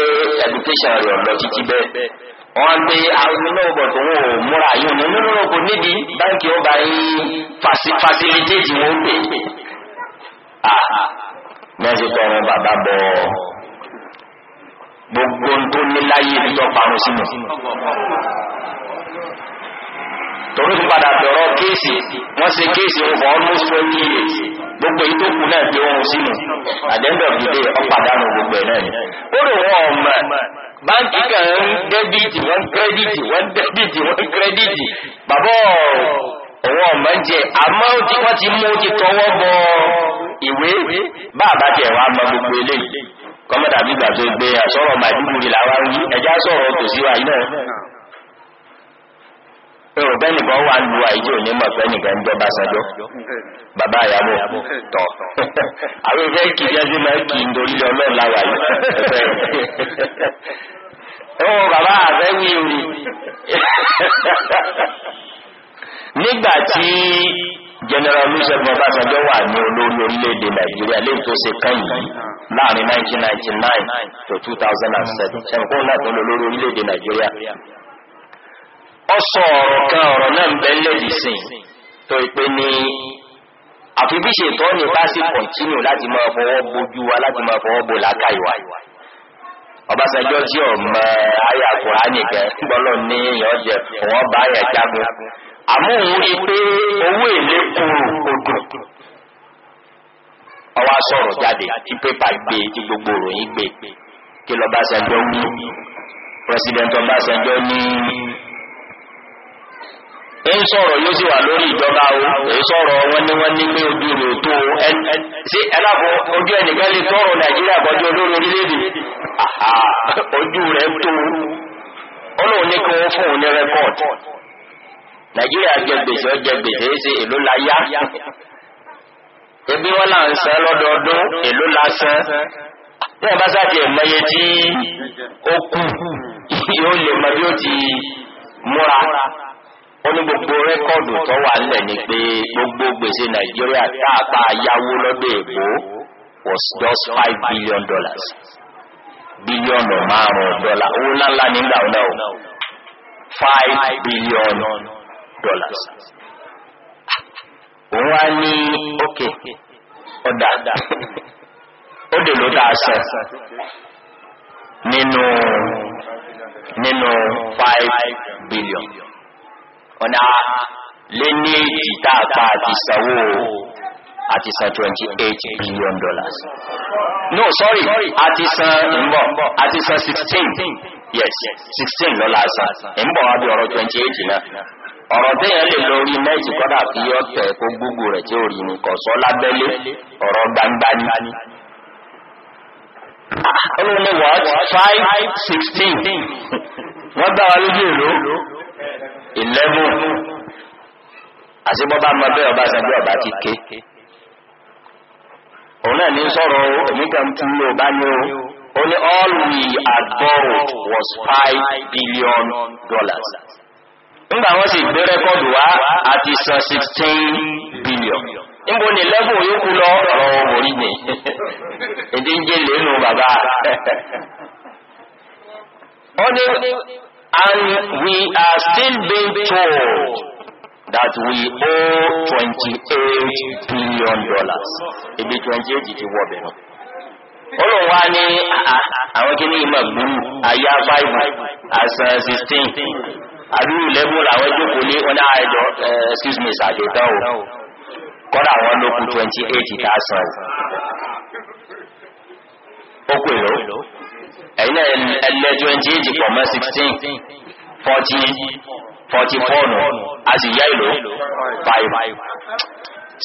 Speaker 4: education rẹ̀ ọ̀dọ̀ títí bẹ́ẹ̀ wọ́n gbé onílọ́wọ́bọ̀ tó ń wò múra yìí ní onílọ́wọ́bọ̀ níbi báńkì ọba yìí fasilitéètì wọn pè mẹ́sì tọrọ bàbá bọ̀
Speaker 2: gbogbo tó ní láyé ìjọ parun sínú torí ti padà bẹ̀rọ kéèsì wọ́n ṣe kéèsì wọn fọ́ almost twenty years gbogbo èyí tó kù náà gbé ohun sínú àdéhùn ọ̀gbìn dé ọ̀pàdánù gbogbo ẹ̀ náà ni ó lè
Speaker 4: wọ́n ọmọ báńkì kan ń dẹ́bìtì wọ́n kírẹ́dìtì wọ́n dẹ́bìtì wọ́n kírẹ́dìtì bàbá ọ̀wọ́ ọ̀mọ́ jẹ àmọ́ tí wọ́n ti mú ti tọwọ́ bọ ìwé bàbá tiẹ̀ wá mọ gbogbo eléyìí kọ́mọ́dà bí gbà gbé àsọ̀rọ̀ màdúgbò ni làwọn ẹja sọ̀rọ̀ tòsíwájú náà. ẹ̀rọ bẹ́ẹ̀ni kan wà lu àìjẹ́ òní mọ̀ fẹ́ nìkan ń jọba sanjọ́ bàbá ìyàwó
Speaker 2: tọ̀ àwọn ìfẹ́ kì í jẹ́sí máa kì í nítorí ọlọ́run yìí bàbá orí nígbà tí
Speaker 4: general Olusegun Ọbásanjọ́ wà ní olórí orílẹ̀-èdè Nàìjíríà lẹ́yìn tó ṣe kán yìí láàrin 1999 to 2007 ṣẹ̀kún náà tó lọ lórí ọsọ ọ̀rọ̀ kan ọ̀rọ̀ náà ń bẹ lẹ́yìn sìn tó ìpè ní àfi bí ṣètò ọ̀nì bá sì kọ̀ntínú láti máa fọwọ́ bójú wa láti máa fọwọ́ bò láká ìwà ìwà.
Speaker 2: Ọbásanjọ́ tí ò mọ àyà Kùránì gẹ̀ gbọ́lọ̀ ní èèyàn jẹ wọ́n bá yẹn jágun.
Speaker 1: Àmọ́ òun rí pé owó èlé kúrò odò.
Speaker 4: Ọwọ́ sọ̀rọ̀ jáde tí pépà gbé tí gbogbo ìròyìn gbé kí lọ́básanjọ́ wí. Pírẹsidẹ̀ntì Ọbásanjọ́ ní. e sọ̀rọ̀ yóò sì wà lórí ìjọba o èyí sọ̀rọ̀ wọ́n ní wọ́n ní pé ojú rẹ̀ tó sí ẹlábọ̀ ojú ẹnìkan lè tọrọ nàìjíríà kọjú olórí orílẹ̀-èdè ojú rẹ̀ tó ọlọ́run ní kí wọ́n fún un ní rẹ́kọ̀d nàìjíríà jẹ gbèsè gbèsè ṣe èló la yá ebi wọn là ń san lọ́dọọdún èló la san
Speaker 2: ẹ̀mọye tí ó
Speaker 4: kù yóò lè mọ ti múra. ó ní gbogbo rẹ́kọ̀dù tó wà nílẹ̀ ni pé gbogbo gbèsè nàìjíríà táàpá yáwó lọ́dọ̀ èbó was just five billion dollars bílíọ̀nù márùn-ún dọ́là owó ńláńlá nígbà náà o five billion dollars. òun wá ní òkè ọ̀dà òde ló dáa sàn nínú nínú five billion. wọ́n ní ah, lé ní èjì àti sanwó àti san twenty eight billion dollars
Speaker 2: no sorry àti san nbọ àti san sixteen
Speaker 4: yes sixteen dollars nbọ ọ̀rọ̀ twenty eight náà ọ̀rọ̀ téèyàn lè lórí nẹ́ẹ̀tì kọ́dà fi ọ̀tẹ̀ kó gbogbo rẹ̀ tí ó rí ni kò lábẹ́lé ọ̀rọ̀
Speaker 2: olùwọ́n ni
Speaker 4: wọ́n lójú èlò. eleven àti bọ́bá bẹ́ẹ̀ ọba àti ọba ti òun náà ní sọ̀rọ̀ oníkan tí ní o ó ní all we borrowed was five billion dollars nígbà wọn sì gbé rẹ́kọ́ọ̀dù wá àti san sixteen billion níbo ni eleven yòókù lọ ọ̀rọ̀ òmòrí ni
Speaker 2: èdè ń jẹ́ lẹ́nu bàbá
Speaker 4: ní. And we are still being told that we owe $28 billion. dollars. Ibi 28 ti wọ́ bẹ̀rẹ̀. Olùn wa ní ah, ah, àwọn kí ní ìmọ̀ gbúrú, àyà 5, àìsàn 16. Àdúrú lẹ́gbùn làwọn jókòó ní ọ̀nà ah, àìjọ, eh, excuse me, sàjẹ̀tàn o. Kọ́dà wọn lókun 28 Ó pè lọ́ ẹ̀yin ẹlẹ́ twenty eight pọ̀
Speaker 2: mọ́ nù a sì yá ìlú five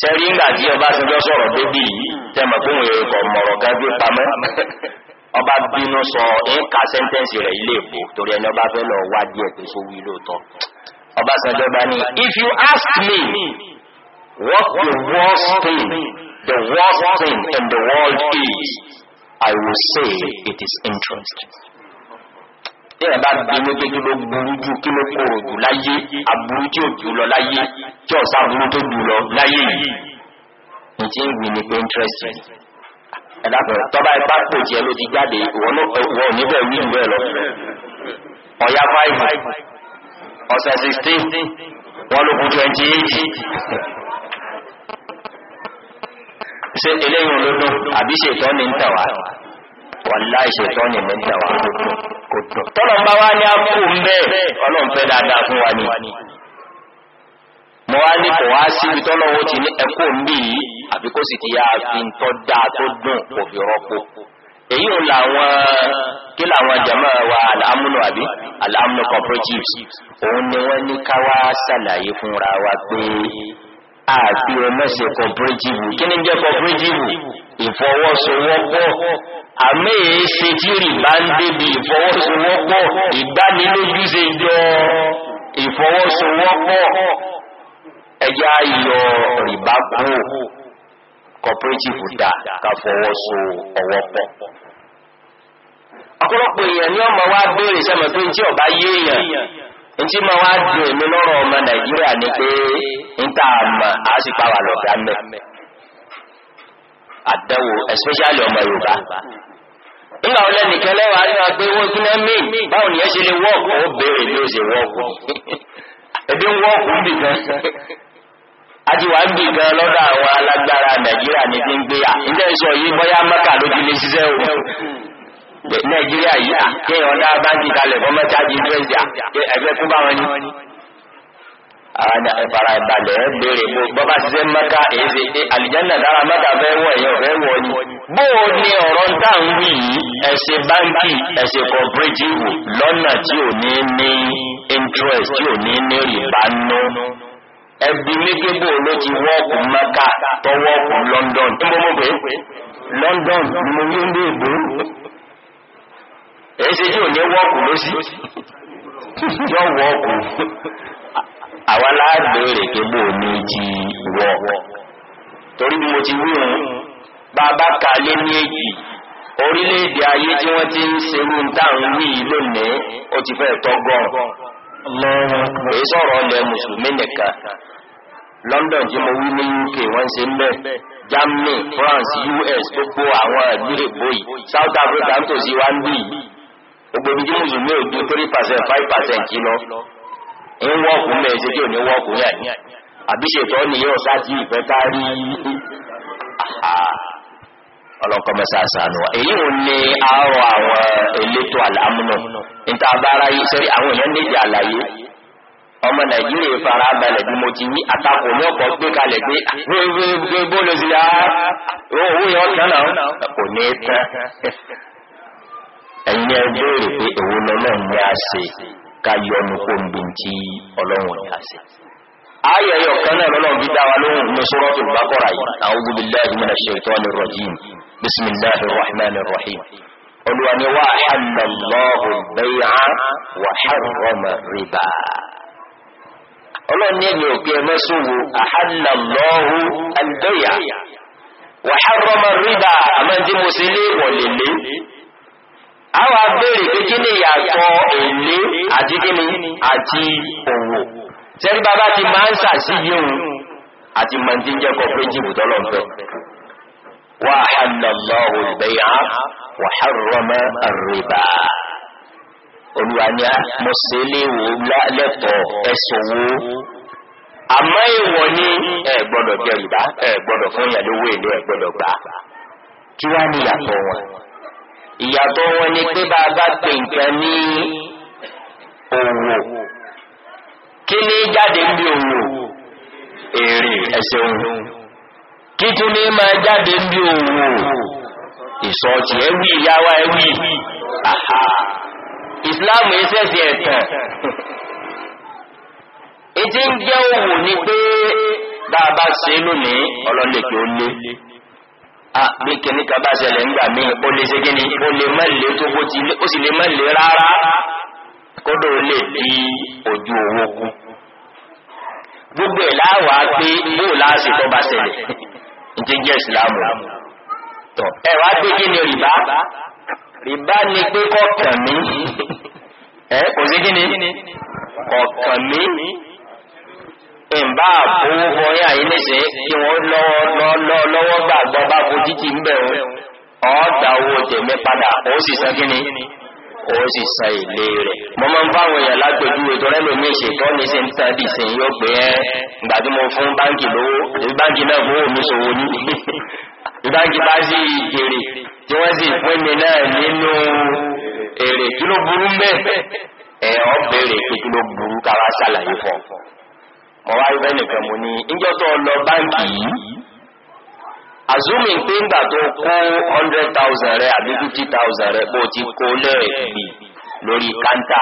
Speaker 4: sẹ́rí ńgbà tí Ọbásanjọ́ sọ̀rọ̀ débi tẹ́mọ̀ pé òun mọ̀rọ̀ kan gbé pamọ́ ọba bínú sọ nǹka sẹ́ńtẹ́ǹsì rẹ̀ ilé ìbò torí ẹni ọba fẹ́ lọ wá díẹ̀ pé sọ wí lóòótọ́ Ọbásanjọ́ bá ní if you ask me what the worst thing the worst thing in the world is I will say it is interest. Bí ẹ bá bínú pé kí ló burú jù kí ló korò jù láyé aburú tí ò jù lọ láyé tí ọ̀sán aburú tó jù lọ láyé yìí. Ǹjẹ́ ìwé ni pé interest yìí? Ẹ̀dá kan tọ́ba ẹ̀bá pò jẹ́ ló ti jáde ìwọ́n ò ní bẹ̀ wí ìwé ẹ̀ lọ. Ọ̀ya five ọ̀sẹ̀ sixteen wọ́n ló kú twenty eight ṣe eléyìn olódùn àbí ṣètọ́ ní ń tà wá wàlá ìṣètọ́ ní ń kò dùn tọ́lọ̀ ń bá wá ní àpò ń bẹ́ẹ̀ ọlọ́run fẹ́ dáadáa fún wa ni mo wá ní kò wá síbi tọ́lọ́wọ́ ti ní ẹ̀kọ́ ń bì yìí àbí kó sì ti yá fi ń tọ́ dáa tó dùn kò fi rọ́pò èyí ò làwọn kí làwọn jama wa al'amunu àbí al'amunu cooperatives òun ni wọ́n ní ká wá ṣàlàyé fúnra wa pé àti ẹmẹsẹ cooperative kí ni jẹ́ cooperative
Speaker 2: ìfọwọ́sowọ́pọ̀ àmì èéṣe tí rìbá ń
Speaker 4: débi ìfọwọ́sowọ́pọ̀ ìgbánilójúṣe jọ ìfọwọ́sowọ́pọ̀ ẹjá yọ rìbá kúrò cooperative dá ká fọwọ́sowọ́pọ̀ ọ̀pọ̀lọpọ̀ èèyàn ni ọmọ wa béèrè sẹ́mọ̀ pé tí ọba yé èèyàn ntí ma wá di èmi lọ́rọ̀ ọmọ nàìjíríà ni pé n ta àmà á sì pa wà especially ọmọ yorùbá nígbà náà mí ṣe lè wọ́ọ̀kù ó béèrè wọ́ọ̀kù
Speaker 2: ebi ń wọ́ọ̀kù gan
Speaker 4: ajiwa ń bì gan lọ́dọ̀ àwọn alágbára nàìjíríà ní ti
Speaker 2: ń nàìjíríà yìí kí ọ̀dà báńkì kalẹ̀ fún mẹ́tàjì dírẹ́jà ẹgbẹ́ fún báwọn ni. àwọn ẹ̀fara ìbàlẹ̀ ẹ̀ béèrè bó bọ́bá ṣiṣẹ́ mẹ́ta èyí ṣe pé àlìjánà dára mẹ́ta fẹ́ wọ̀ ẹ̀yẹ ọ̀fẹ́ wọ̀ ni.
Speaker 4: bó o ní ọ̀rọ̀ ń tà ń wí yìí ẹ̀ṣẹ̀ báńkì ẹ̀ṣẹ̀ cooperative lọ́nà tí ò ní ní interest tí ò ní ní rìbánú ẹbí méjèèjì ló ti wọ́ọ̀kù mẹ́ka tọ́wọ́ọ̀kù London tó mọ́ mọ́ pé London ni mo yé ń dé ìbò èsì tí ò ní wọ́ọ̀kù ló sí tí ó wọ́ọ̀kù àwa láàbẹ̀rẹ̀ pé bó ní ti wọ́ torí bí mo ti wí òun bàbá ka lé ní èjì orílẹ̀-èdè ayé tí wọ́n ti ń serú táwọn wí lónìí ó ti fẹ́ tọ́gọ́n èyí sọ̀rọ̀ ọlẹ̀ mùsùlùmí nìkan London tí mo wí ní UK wọ́n ṣe ń Germany France US gbogbo àwọn ìlú èbó yìí South Africa ń tòsí wá ń bì
Speaker 2: yìí gbogbo ibi tí mùsùlùmí ò ju three percent five percent lọ ń wọ́ọ̀kù mẹ́rin ṣe tí ò ní wọ́ọ̀kù yẹn àbí ṣètò ọ́ nìyẹn ọ̀sá sí ìfẹ́ tá a rí
Speaker 4: ọlọ́kọ́mọ́ sàṣàánú wa èyí ò ní àárọ̀ àwọn elétò àlámúnà níta bára yìí sẹ́rí àwọn èèyàn méjì àlàyé ọmọ nàìjíríà fara balẹ̀ bí mo ti ní àtakò ní ọkọ̀ gbé kalẹ̀ pé gbogbo bó lè ṣe
Speaker 2: owó yẹn ọ̀tán náà kò ní tán ẹ̀yin ẹ
Speaker 4: béèrè pé èwo lọ́lọ́run ní a ṣe ká yọnu kó ń bin tí ọlọ́run ní a ṣe. ayé ẹyọ kan náà lọ́lọ́run fi dá wa lóhùn ní suratul Baqara yìí a'udhu billahi minash shaitanir rajim bismillahir rahmanir rahim. olùwà ni wa ahallallahu bay'a wa harrama riba ọlọ́run ní ẹ̀mí òkè ẹ̀mẹ́sòwò àhàlàlọ́hu àlùbẹ́yà
Speaker 2: wàhárọ́mọ rìbá àmọ́ tí mo ṣe lé wọ̀lẹ̀lẹ́
Speaker 4: a wá béèrè pé kí ni ìyàtọ̀ èlé àti kí ni àti òwò
Speaker 2: sẹ́ni bàbá ti máa ń ṣàṣìyí òun àti mọ̀ndínjẹ́ cooperative tọ́lọ́fẹ́
Speaker 4: wa halallahu al-bay'a wa harrama ar-riba olùwà ni a mọ̀ sí léwo lẹ́tọ̀ ẹ̀sùn wo àmọ́ ìwọ̀n ni ẹ gbọ́dọ̀ jẹ rìbá ẹ gbọ́dọ̀ fún ìyàlówó èlé ẹ gbọ́dọ̀ gbà kí wá ní ìyàtọ̀ wọn. ìyàtọ̀ wọn ni pé bá a bá pè nǹkan ní òwò kí ní jáde níbi òwò èrè ẹsẹ̀ òun kí tún ní máa jáde níbi òwò ìsọ̀tì ẹwì ìyáwá ẹwì àhà islam ìṣẹ̀sì ẹ̀tàn
Speaker 1: ètí ń jẹ́ ni pé bá a
Speaker 4: bí kìíní kan bá ṣẹlẹ̀ ńgbà míì ó lè ṣe kíni ó lè má lè tó bó ti ó sì lè má lè rárá kódò ó lè bí ojú owó kú gbogbo ẹ̀ láwàá pé bó láàṣì tó bá ṣẹlẹ̀ ǹjẹ́ jẹ́ ìsìlámù tọ̀ ẹ wá pé kíni rìbá rìbá ni pé kọ̀ọ̀kan mi ẹ kò sí kíni kọ̀ọ̀kan mi ìbá àpòwò bọyá yìí níṣẹ́ kí wọ́n lọ́wọ́ gbàgbọ́ bá fojú ti ń bẹ̀ wọn ọ̀ọ́dà owó tèmi padà ó sì san kí ni ó sì san èlé rẹ̀. mo máa ń bá àwọn èèyàn lágbèjúwe tó rẹ́lò mi ṣètọ́ ń tán bí sìn yóò pé ẹ́ ìgbà tí mo fún báńkì lówó èyí báńkì náà fún òmi ṣòwò
Speaker 2: ní báńkì bá sì jèrè
Speaker 4: tí wọ́n sì pín mi náà nínú èrè kí ló burú ń bẹ́ẹ̀ ẹ̀ ọ́ kí ló burú káwá ṣàlàyé fún
Speaker 2: mọ̀ wá ibẹ̀ nìkan ní ìjọ tó lọ báńkì yìí azumi pé
Speaker 4: ńgbà tó kó 100,000 thousand rẹ àbí fifty thousand rẹ bó ti kó lẹ́ẹ̀gbì lórí káńtà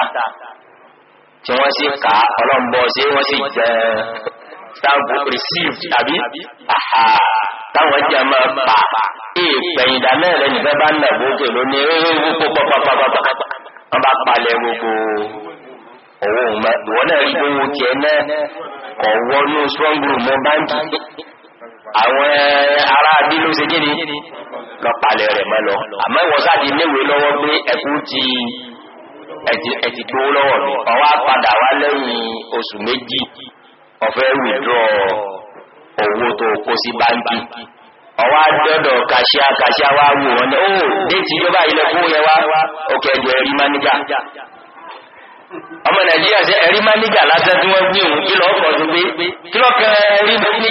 Speaker 4: tí wọ́n sì kà á ọlọ́mbọ́ sí wọ́n sì jẹ eh, stamp receive tàbí
Speaker 2: táwọn jẹ máa
Speaker 4: pa ìpẹ̀yìn ìdáná rẹ bá nà gbókè lónìí eré wúkú pàpàpàpàpà wọ́n bá palẹ̀ gbogbo owó ìwọ náà rí gbogbo tiẹ̀ náà. kọ̀ wọnú strong group mọ́ báńkì àwọn eh, ará bí ló ṣe gíní lọ palẹ̀ rẹ̀ mọ́ lọ àmọ́ ìwọ̀sáàdì léwe lọ́wọ́ pé ẹ̀kú ti ẹ̀tì tó lọ́wọ́ mi ọwọ́ padà wá lẹ́yìn oṣù méjì ọ̀fẹ́ wìdúrọ̀ owó tó kó sí báńkì ọwọ́ àdọ́dọ̀ kàṣíà kàṣíà wá wò wọ́n ní ó oh, déètì yóò báyìí lẹ́kọ́ yẹn wá òkè ẹ̀jọ̀ ẹ̀rí máníjà
Speaker 2: ọmọ nàìjíríà ṣe ẹ̀rí máníjà lásán tí wọ́n gbé òun kí ọkọ kọ́ tó gbé kí o báwo mo kó mú o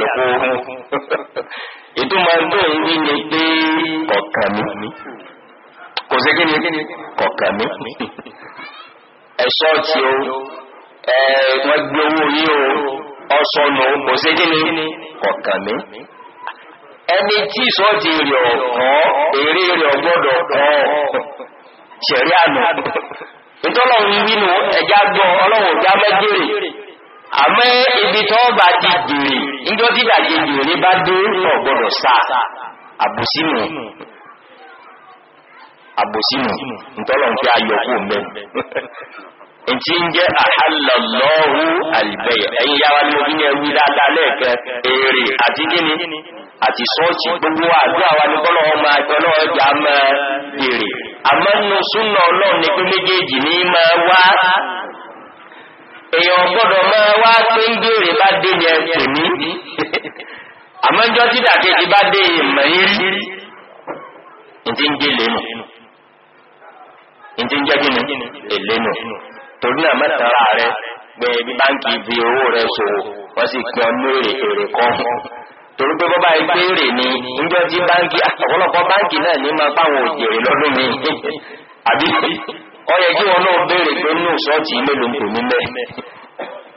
Speaker 4: ló kó mú ìtumọ̀ tó ń ni pé kọ̀ọ̀kan mi kò sí kí ni mi ẹ̀ṣọ́ ti o ẹni tí ìsọ́jì rẹ̀ ọ̀kan èrè rẹ̀ ọgbọ́dọ̀ kan ṣẹ̀rí àná ìtọ́lọ̀run nínú ẹ̀já gbọ́ ọlọ́run ọ̀gá mẹ́jẹ̀rẹ̀ àmọ́ ibi tó bá ti jèrè níjọ́ tí ìdàjejì rẹ̀ bá dé ọ̀gbọ́dọ̀ sá àbùsínú àbòsínú ntọ́lọ́n fi ayọ̀kú mẹ́ ntí ń jẹ́ àhàlọ́lọ́hu àlìbẹ̀yẹ ẹ̀yin yára ni mo fi ní ẹwí dáadáa lẹ́ẹ̀kan èrè àti kíni àti sọ́ọ̀tì gbogbo àdúrà wa ní kọ́lọ́ ọmọ ọjà máa bèrè àmọ́ súnà ọlọ́run ni pé méjèèjì ní máa wá
Speaker 2: èèyàn gbọ́dọ̀ máa wá pé ń bèrè bá dé yẹn pè mí
Speaker 4: títà kejì bá dé rí ń ń jẹ́ torí torí pé bọ́bá yìí béèrè ni níjọ́ tí báńkì ọ̀pọ̀lọpọ̀ báńkì náà ní máa báwọn òjèrè lọ́dún mi àbí ó yẹ kí wọn náà béèrè pé nínú ṣọ́ọ̀tì mélòó ń pè mí bẹ́ẹ̀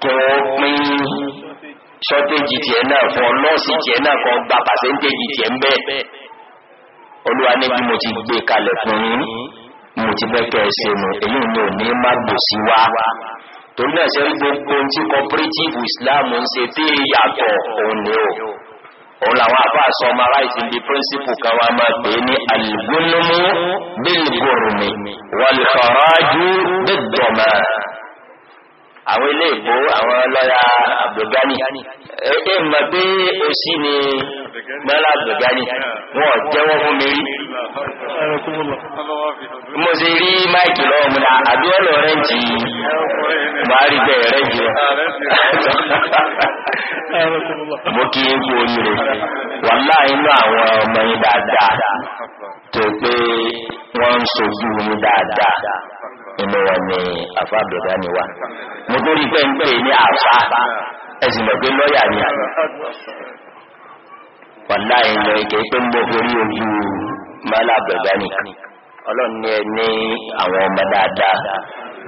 Speaker 4: kí wọ́n pín ṣọ́tẹ́jì tiẹ̀ náà fún ọ nọ́ọ̀sì tiẹ̀ náà kan gba pàṣẹ́ńtẹ́jì tiẹ̀ ń bẹ́ẹ̀ olúwa ní mo ti gbé kalẹ̀ fún yín mo ti bẹ́kẹ̀ ṣe nù èyí ni ò ní má gbòsí wá torí náà ṣe gbogbo ohun tí cooperative Islam ń ṣe tí yàtọ̀ òun ni o òun làwọn àbá sọ ọmọ aláìsí bíi píríncípù kan wá máa pè ní alìgbónúmú bílgòrùmí wàlùkọ̀rọ̀ ajú bíbọ̀mọ́ àwọn ilé ìbò àwọn lọ́yà Abdulgani
Speaker 2: ẹ mọ̀ pé o sí ni mọ́lá Abdulgani wọn jẹ́wọ́ fún mi rí
Speaker 4: mo sì rí máìkì lọ́wọ́ mu náà àbí wọ́n lọ
Speaker 3: buhari bẹ́ẹ̀ rẹ́ǹtì rẹ̀ mo kí n kú oríire wàhálà inú àwọn ọmọ yín dáadáa
Speaker 4: tó pé
Speaker 2: wọ́n ń sojú mi dáadáa.
Speaker 4: inú wọn ni àfa àbẹ̀dá ni wa mo tó rí pé ń pè ní àfa ẹ̀sìn lọ́gbé lọ́ọ̀yà ni wàlá ìlọ ìkẹ́ pé ń bọ́ orí ojú mọ́lá àbẹ̀dá ni ọlọ́run ní ẹ ní àwọn ọmọ dáadáa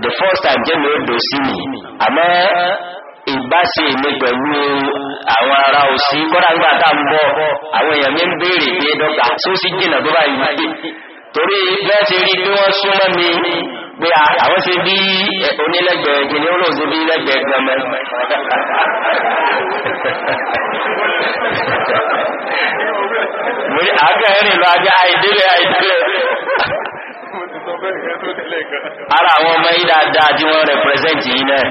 Speaker 4: the first time jẹ́ mi ó dò sí mi àmọ́ ìbáṣe mi pẹ̀lú àwọn ará òsì kọ́dà tá a ń bọ̀ àwọn èèyàn mi ń béèrè pé dọ́kà tó sì jìnnà tó torí bẹ́ẹ̀ ṣe rí wọ́n súnmọ́ mi pé àwọn ṣe bí eh, onílẹ̀gbẹ̀ẹ́ kìíní ó lóun ṣe bí lẹ́gbẹ̀ẹ́ gbọmọ. Mori àgẹ́rin lọ ajá àìdílé àìdílé.
Speaker 2: Ara àwọn ọmọ yìí dáadáa tí wọ́n rẹ̀pẹ̀sẹ̀ntì yìí náà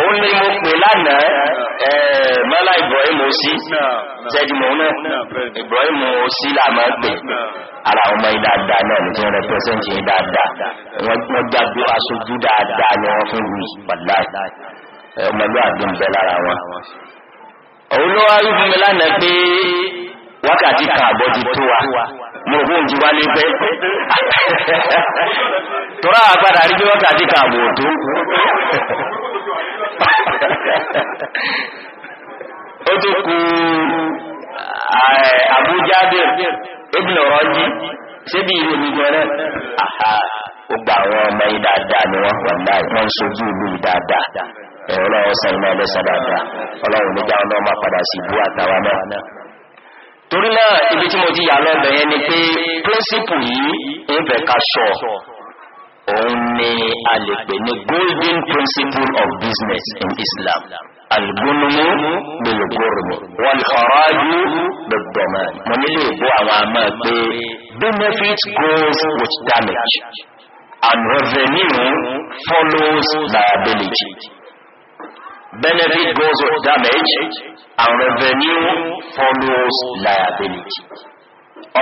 Speaker 2: òun ni mo pè lánàá mọ́lá Ibrahim Osi jẹ́dìmọ̀ náà
Speaker 4: Ibrahim Osi là máa ń pè ara ọmọ ìdáadáa náà ní tí wọ́n rẹpẹsẹ́ntì ìdáadáa wọ́n jágbó aṣojú dáadáa ni wọ́n fún wí pàdá ọmọlúwàbí ń lára wọn. òun ló wá wí fún mi lánàá pé wákàtí kan àbọ̀ ti tó wa mo rò fóun ti ní pẹ́ tọ́ra àpàdà rí pé wákàtí kan àbọ̀ tó. ó tó kú àbújá bẹ́ẹ̀ ebile ọ̀rọ̀ jí àwọn ọmọ yìí dáadáa ni wà láì sojú ìlú yìí dáadáa sàn iná dáadáa níjà padà sí ibú
Speaker 1: ibi tí mo ti yà yẹn ni pé yìí
Speaker 4: ń sọ òun ni a lè pè ní golden principle of business in Islam albunumu bilgurmi walharaju bildaman mo nílé ìbú àwọn àmọ́ pé benefit goes with damage and revenue follows liability benefit goes with damage and revenue follows liability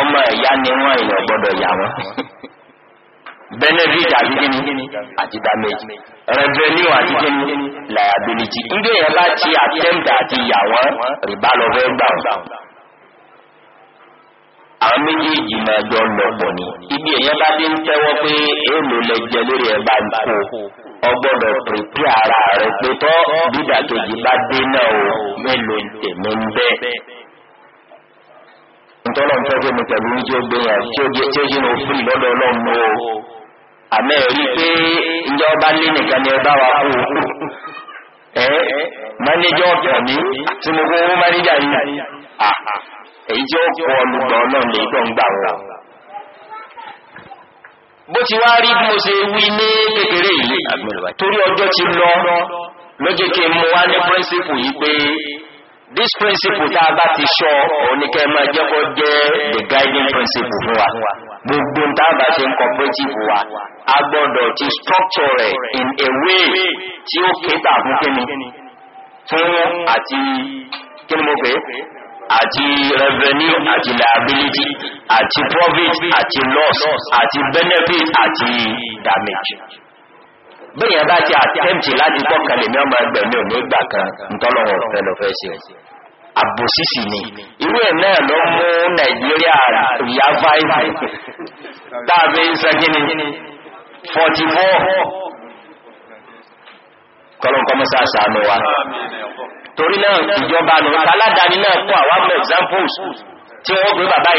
Speaker 4: ọmọ ẹ̀yà ni wọ́n èèyàn gbọ́dọ̀ yà wọ́n [LAUGHS] benefit àti kíni àti damage revenue àti kíni liability ndé yẹn bá ti attempt àti yà wọ́n rìbá lọ fẹ́ gbà wọ́n. àwọn méjèèjì máa jọ lọ̀pọ̀ ni ibi èèyàn bá ti ń tẹ́wọ́ pé èèlò lè jẹ lórí ẹ̀ bá ń kó o gbọ́dọ̀ pèpè ara rẹ̀ pé tọ́ dídàkejì bá dé náà o mélòó tèmi ń bẹ́ẹ̀ ntọ́lọ́ntọ́ pé mo tẹ̀lé oúnjẹ gbé yẹn tí ó jẹ́ tí ó yẹ ní òfin lọ́dọ̀ ọlọ́run o. àmẹ́ rí pé ǹjẹ́ ọba lé nìkan ni ẹ wa kú ẹ mánéjà ọ̀tọ̀ ní tí mo gbowó mánéjà yìí èyí tí ó kọ náà lè gbà wọn.
Speaker 1: bó ti wá rí bí mo ṣe wí ní
Speaker 2: kékeré yìí torí ọjọ́
Speaker 4: this principle tá a bá ti sọ òní kẹ́ máa jẹ́ kó jẹ́ the guiding principle fún wa gbogbo tá a bá ṣe ń cooperative wa a gbọ́dọ̀ ti structure in a way tí ó kéta fún kíni fún àti kíni mo pè àti revenue àti liability àti profit àti loss àti benefit àti damage.
Speaker 2: bẹ́yẹn bá ti àtẹ́mtì láti gbọ́kànlẹ̀ ní ọmọ ẹgbẹ̀ mi òní ìgbà
Speaker 4: kan ntọ́lọ́wọ́ fẹ́ lọ àbòsísì ni iwe náà ló mú nàìjíríà ìyá fáìfì dáàbí sẹ́gínì forty wa torí náà ìjọba nù aládàáni náà kọ́ àwọn examples tí wọ́n gbé bàbá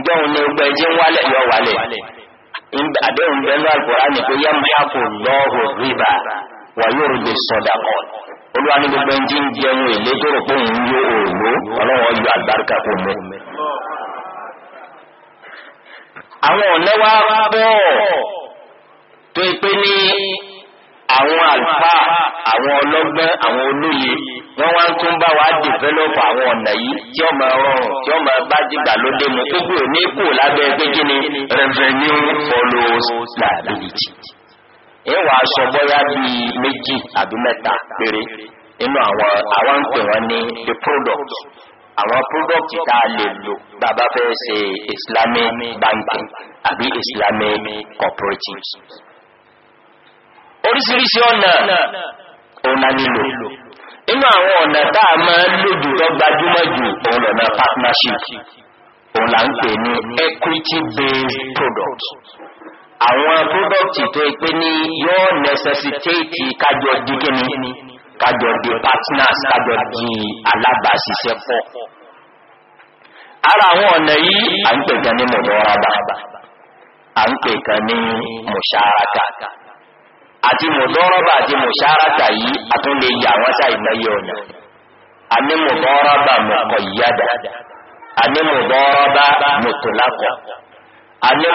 Speaker 4: ìjọhún ní gbogbo ẹjẹ ń wálẹ̀ yọ wálẹ̀ àdéhùn bẹnu àgbọrá ni pé yẹn máa kò lọọrù rìbá wà yóò rí lè sọdà kọ olúwa ní gbogbo ẹjẹ ń jẹun èlé tó rò pé òun yóò òòló ọlọ́wọ́ yọ àgbáríkà kò mẹ́.
Speaker 1: àwọn ọ̀nẹ́wà pọ̀ tó ipé ní àwọn àlùfáà àwọn ọlọ́gbọ́n àwọn olóye wọ́n wá ń tún bá wa dìvẹ́lọ́pù àwọn ọ̀nà yìí tí ó máa
Speaker 4: rọrùn tí ó máa bá dìgbà lóde mu gbogbo ní kù lábẹ́ pé kí ni revenue follows
Speaker 2: liability.
Speaker 4: ẹ wàá sọ bóyá bíi méjì àbí mẹ́ta péré nínú àwọn àwọn ń pè wọ́n ní the product àwọn product tá a lè lò bàbá fẹ́ ṣe islamic banking àbí islamic cooperatives oríṣiríṣi ọ̀nà ọ̀nà nílò inú àwọn ọ̀nà tá a máa ń lòdù tó gbajúmọ̀ jù òun lọ́nà partnership òun là ń pè ní equity based product
Speaker 2: àwọn product tó yẹ pé ní yóò necessitate kájọ di kíni kájọ di partners kájọ di alábàáṣiṣẹ́pọ̀ ara àwọn ọ̀nà yìí à ń pè kan ní mọ̀dọ́rọ̀bà
Speaker 4: à ń pè kan ní mọ̀ṣáraka.
Speaker 2: àti mùdọ́rọ́bà àti mùsáraka yìí a lè yà wọ́n sáà ìmọ̀ye
Speaker 4: ọ̀nà a mùdọ́rọ́bà mùkọ̀yádà a ní mùdọ́rọ́bà mùtòlákọ̀
Speaker 2: a ní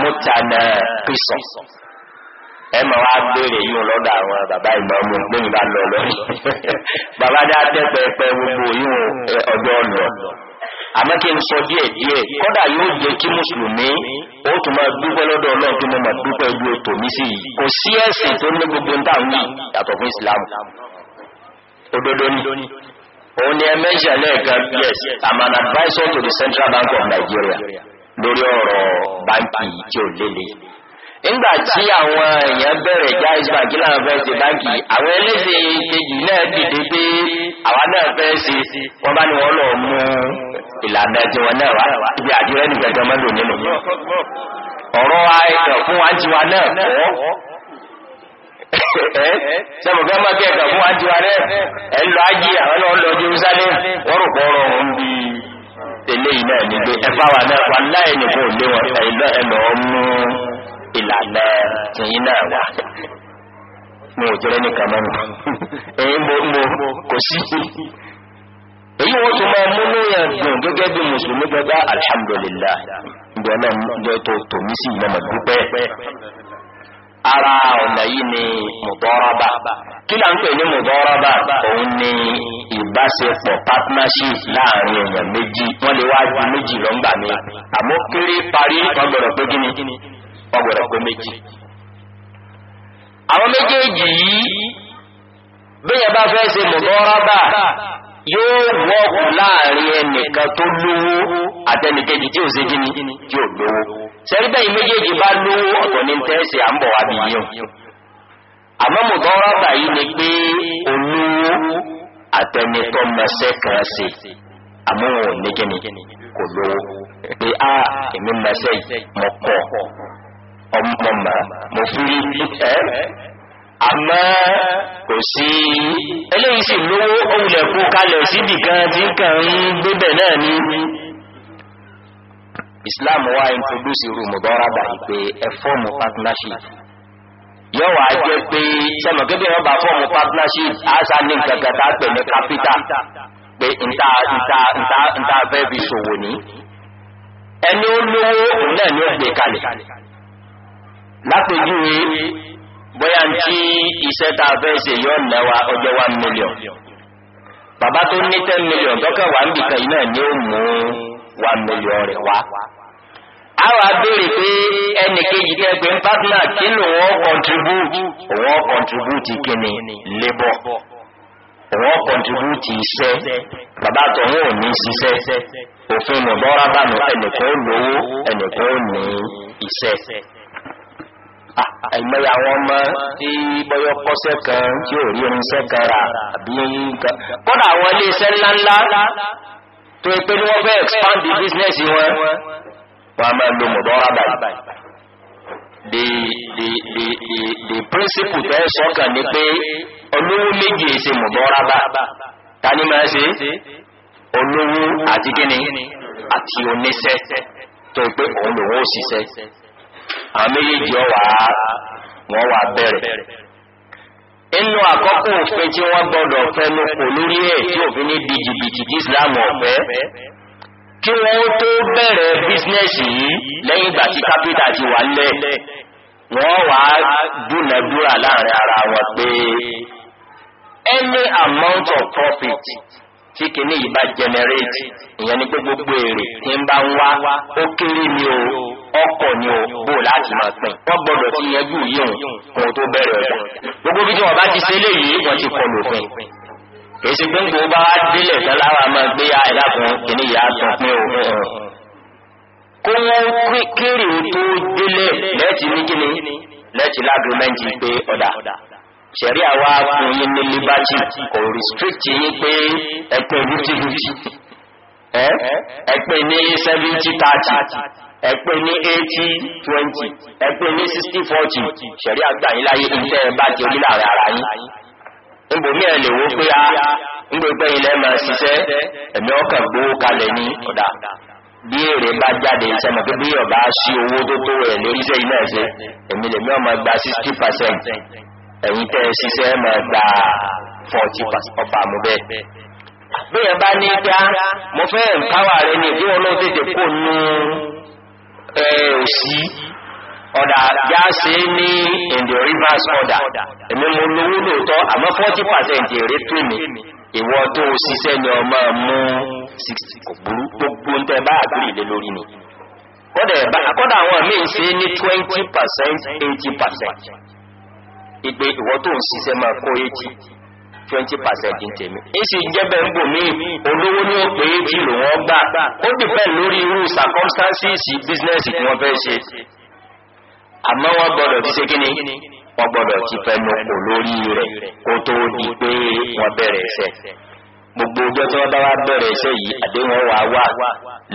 Speaker 2: mùtànà pìsọ̀
Speaker 4: ẹ mọ̀ wá béèrè yìí lọ́dọ̀ àwọn bàbá ìmọ̀ọ́mù lẹ́yìn [LAUGHS] àmọ́ kí n sọ díẹ̀ díẹ̀ kọ́dà yóò jẹ́ kí mùsùlùmí ó tún máa dúpẹ́ lọ́dọ̀ ọlọ́run tó mọ̀ dúpẹ́ ju ètò mi sí yìí kò sí ẹ̀sìn tó ní gbogbo ń tàn wí yàtọ̀ fún Islam òdodo ni òun ni ẹ mẹ́ṣẹ̀ lẹ́ẹ̀kan yes I'm an advisor to the Central Bank of Nigeria lórí ọ̀rọ̀ báńkì tí ò lélẹ̀ nígbà tí àwọn èèyàn bẹ̀rẹ̀ já ìsìnkú láwọn fẹ́ ṣe báńkì àwọn ẹlẹ́sìn kejì náà dìde pé àwa náà fẹ́ ṣe wọ́n bá ní wọ́n lọ mú
Speaker 2: náà ibi nìkan nínú ọ̀rọ̀ fún wa náà kọ́ fún wa náà ẹ̀ lọ àwọn
Speaker 4: wa náà wà láì nìkan ò ìlànà tìyín náà wà mo ò jẹ́rẹ́ nìkan mọ́nu èyí mo mo kò sí èyí wọ́n tún máa mú ní ẹ̀dùn gẹ́gẹ́ bí mùsùlùmí gbẹ́gbá alhamdulillah ǹjẹ́ náà tó tò mí sí ìmọ̀mọ̀ dúpẹ́
Speaker 2: ara ọ̀nà yìí ni
Speaker 4: mùdọ́rọ́bà kí là ń pè ní mùdọ́rọ́bà òun ni ìbáṣepọ̀ partnership láàrin èèyàn méjì wọ́n lè wá ju méjì lọ́ngbà mi àmọ́ kéré parí wọ́n gbọ́dọ̀ pé kí ni ọgbọ̀dọ̀ pé méjì àwọn
Speaker 1: méjèèjì yìí bẹ́yẹn bá
Speaker 4: fẹ́ ṣe mọ̀gọ́rábà yóò wọ́ọ̀kù láàrin ẹnìkan tó lówó àtẹnìkejì tí ò ṣe gíní tí ò lówó sẹ́ríbẹ̀ yìí méjèèjì bá lówó ọ̀tọ̀ ní tẹ́ẹ̀sì à ń bọ̀ wá bìí yìí àmọ́ mọ̀gọ́rábà yìí ni pé olówó àtẹnitọ́ mẹsẹ̀ kan ṣe àmọ́ wọn ní gíní kò lówó pé a ah, èmi mẹsẹ̀ mọ̀kọ́ ọmọ mà mo àmọ́ kò sí eléyìí sì lówó òwúlẹ̀ kalẹ̀ síbì kan tí kàn ń gbébẹ̀ náà ní Islam wa introduce irú mọ̀dọ́rábà ìpè ẹ fọ́ọ̀mù partnership yóò wá jẹ́ pé sẹ́mọ̀ kébé wọn bá fọ́ọ̀mù partnership àṣà ní nǹkan kan tá a pè ní capital pé nta nta nta
Speaker 1: nta fẹ́ fi ṣòwò ní ẹni ó lówó òun náà ni ó gbé kalẹ̀.
Speaker 4: lápèjúwe bóyá ń tí iṣẹ́ tá a fẹ́ ṣe lẹ́wà ọjọ́ one million bàbá tó ní ten million tọ́kẹ́ wà ń bìkan yìí náà ó mú one million rẹ̀ a wa béèrè pé ẹnì kejì tẹ́ pé partner kí lòun contribute òun contribute kíni labour òun contribute iṣẹ́ bàbá tọ̀hún ò ní ṣiṣẹ́ òfin lówó ní iṣẹ́. àìmọye àwọn ọmọ tí bọ́yọ́ kọ́sẹ́ kan tí ò rí irinṣẹ́ kan rà àbí nǹkan kọ́dà àwọn iléeṣẹ́ ńláńlá tó pé ní wọ́n fẹ́ expand the business wọn wọ́n a máa lo mọ̀dọ́rà báyìí the the the the the principle tẹ́ sọ́kàn ni pé olówó méjì èsè mọ̀dọ́rà bá
Speaker 2: ta ni máa ṣe olówó àti kíni
Speaker 4: àti oníṣẹ́ tó pé òun lòun ò ṣiṣẹ́ àwọn ọwà
Speaker 2: wọn wà bẹ̀rẹ̀ inú àkọ́kọ́ òfin tí wọ́n gbọ́dọ̀ fẹnu kò lórí ẹ̀ tí òfin ní
Speaker 4: di jìbìtì tí Islam ọ̀fẹ́ kí wọ́n tó bẹ̀rẹ̀ bísínẹ́sì yìí lẹ́yìn ìgbà tí kápítà ti wà lẹ̀ wọ́n wà dúnàdúrà láàrin ara wọn pé
Speaker 1: any amount of profit
Speaker 4: tí kìíní yìí bá generate ìyẹn ni pé gbogbo èrè tí ń bá ń wá ó kéré ni o ọkọ̀ ni o bó láti máa pín wọ́n gbọ́dọ̀ ti yanjú yíyùn
Speaker 2: ohun tó bẹ̀rẹ̀ ọ̀dà gbogbo bí tí wọ́n bá ti ṣe eléyìí wọ́n ti kọ lòfin kì í ṣe pé gbogbo bá délẹ̀ tán lára máa gbé ya ẹ̀dá kan
Speaker 1: kìíní ìyá tán pé o kó wọ́n kéré o tó délẹ̀
Speaker 4: lẹ́ẹ̀tì ní kíni lẹ́ẹ̀tì lágbèmẹ́ntì pé ọ̀dà
Speaker 2: sẹ̀rí àwa fún yín ní liberty kò restrict yín pé ẹ̀pẹ́ fifty fifty
Speaker 4: ẹ̀pẹ́ ní seventy thirty ẹ̀pẹ́ ní eighty twenty ẹ̀pẹ́ ní sixty forty ṣẹ̀rí àgbà yín láyé iṣẹ́ ẹ bá ti rí láàrin ara yín. níbo mí ẹ̀ lè wo pé a níbo pé ilẹ̀ máa ṣiṣẹ́ ẹ̀mí ọkàn gbowó kalẹ̀ ní ọ̀dà bí èrè bá jáde iṣẹ́ mọ̀ pé bí ọba ṣí owó tó tó ẹ̀ lórí iṣẹ́ iná ẹ̀ṣẹ́ èmi lèmi ọmọ gba sixty percent tẹ́ ẹ ṣiṣẹ́ mọ̀ gba forty percent ọba àmú bẹ́ẹ̀. bí ẹ bá ní dá mo fẹ́ ẹ̀ǹkáwà rẹ ní ìdíwọ́n ló tètè kó nù ẹ ò sí ọ̀dà yá ṣe ní in the reverse order èmi mo lówó lóòótọ́ àmọ́ forty percent èrè tó mi ìwọ tó o ṣiṣẹ́ ni ọmọ mú sixty kò burú gbogbo ń tẹ bá àgbèrè lé lórí ni kọ́dà àwọn míì ṣe ní twenty percent eighty percent ìgbé ìwọ tó ń máa kó twenty percent ń tèmi. èsì jẹ́bẹ̀ ń bò mí olówó ní òpè tí lòun ọgbà ó dìpẹ́ lórí irú circumstances business tí wọ́n fẹ́ ṣe. àmọ́ wọ́n gbọ́dọ̀ ti ṣe kí ni wọ́n gbọ́dọ̀ ti fẹnu kò lórí rẹ̀ kó tó di pé wọ́n bẹ̀rẹ̀ iṣẹ́. gbogbo ọjọ́ tí wọ́n bá wá bẹ̀rẹ̀ iṣẹ́ yìí àdéhùn wà wá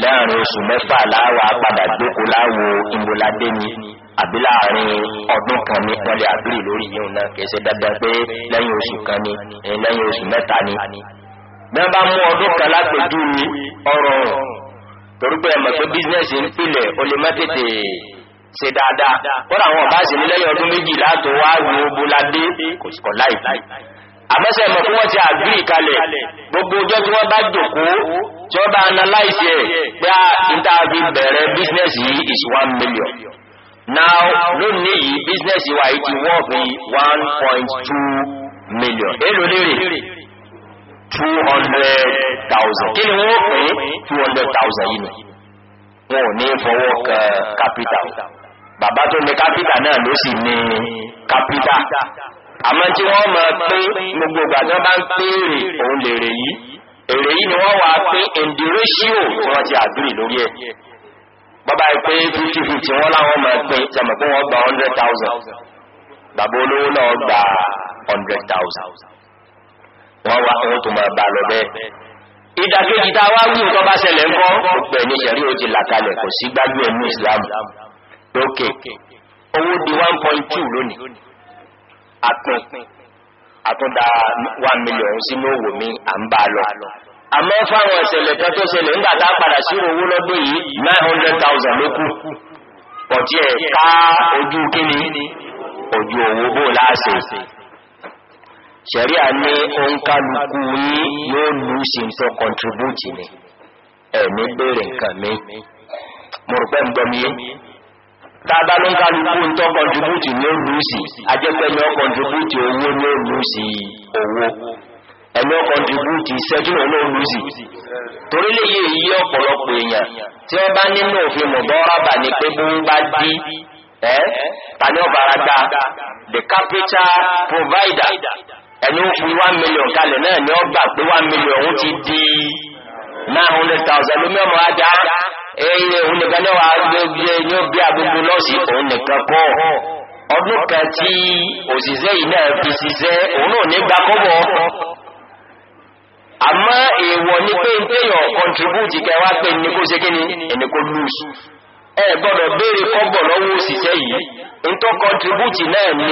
Speaker 4: láàrin oṣù mẹ́fà láwà padà gbókòó láwo ìmúladé ni àbí láàrin ọdún kan ní wọ́n lè àgbèrè lórí yìí náà kìí ṣe dandan pé lẹ́yìn oṣù kan ni eh, lẹ́yìn oṣù mẹ́ta ni. bí wọ́n bá mú ọdún kan lápèjú ni ọrọ̀ torí pé ẹ̀mọ̀ pé bísíǹsì ń pilẹ̀ o lè má tètè ṣe dáadáa kódà àwọn ọba sì ní lẹ́yìn ọdún méjì láti wá wo bolade kò sì kọ́ láì láì.
Speaker 2: àmọ́sẹ̀ ẹ̀mọ̀ pé wọ́n ti àgbèrè kalẹ̀ gbogbo ọjọ́ tí wọ́n bá jókòó
Speaker 4: tí wọ́n bá analyze ẹ̀ pé à ń tà bẹ̀rẹ̀ bísíǹsì yìí is one million
Speaker 2: now lónìí yìí business wa yìí ti wọ́n bí 1.2 million èlò lérè
Speaker 4: two hundred thousand kí ni wọ́n pè é two hundred thousand yìí nù wọn ò ní fọwọ́ kẹ capital bàbá tó ní capital náà ló sì ní capital
Speaker 2: àmọ́ tí wọ́n máa pé gbogbo ìgbà tí wọ́n bá ń pé òun
Speaker 4: lèrè yìí èrè yìí ni wọ́n wá pé in the ratio tí wọ́n ti agree lórí ẹ̀ bàbá yìí pé fifty fifty wọn làwọn máa pín sẹ́mi pé wọ́n gba hundred thousand bàbá olówó náà gba hundred thousand wọ́n wá owó tó máa bá lọ bẹ́ẹ̀. ìdàkejì tá a wá wí nǹkan bá ṣẹlẹ̀ ńkọ́ ọ̀pẹ̀ ní sẹ̀rí ó ti là kalẹ̀ kò sí gbájú ẹ̀ ní Islam lókè owó di one point two lónìí àpín àtúndà one million sínú òwò mi à ń bá a lọ àmọ́ fáwọn ìṣẹ̀lẹ̀ kan tó ṣẹlẹ̀ nígbà tá a padà sírò owó lọ́dún yìí nine hundred thousand ló kù ọ̀tí ẹ̀ ká ojú kíni ojú owó bó láàṣẹ ṣẹ̀ríà ní òǹkálukú yín yóò lù sí nǹkan contribute ni ẹ̀mí béèrè nǹkan mi mo rò pé ń gbọ́ mi yé tábà ló ń kálukú ń tọ́ contribute ní ó ajẹ́pẹ́ ní ó owó ní ó owó ẹ̀lọ́ kọntribútì iṣẹ́ tí wọ́n náà lùzì
Speaker 2: torí lè yé èyí ọ̀pọ̀lọpọ̀ èèyàn tí wọ́n bá nínú òfin mọ̀dọ́rọ́bà ni pé bó ń bá dí
Speaker 4: ẹ́ tani ọba ara
Speaker 2: the capital provider ẹni ó fi one million kalẹ̀ náà ni ọgbà pé one million ó ti di
Speaker 4: nine hundred thousand lómi ọmọ ajá eye òun nìkan náà wà ní bí agbègbè lọ́ọ̀sì òun nìkan kọ́ ọdún kan tí òṣìṣẹ́ yìí náà fi ṣiṣẹ́ òun náà ní gbàkọ́bọ̀ àmọ́ èèwọ̀ ní pé ń tẹ́yàn contribute kẹwa pé ní kó ṣe kíni ẹni
Speaker 1: kó lose ẹ gbọ́dọ̀ béèrè kọ́bọ̀ lọ́wọ́ òṣìṣẹ́ yìí ń tó contribute náà ni.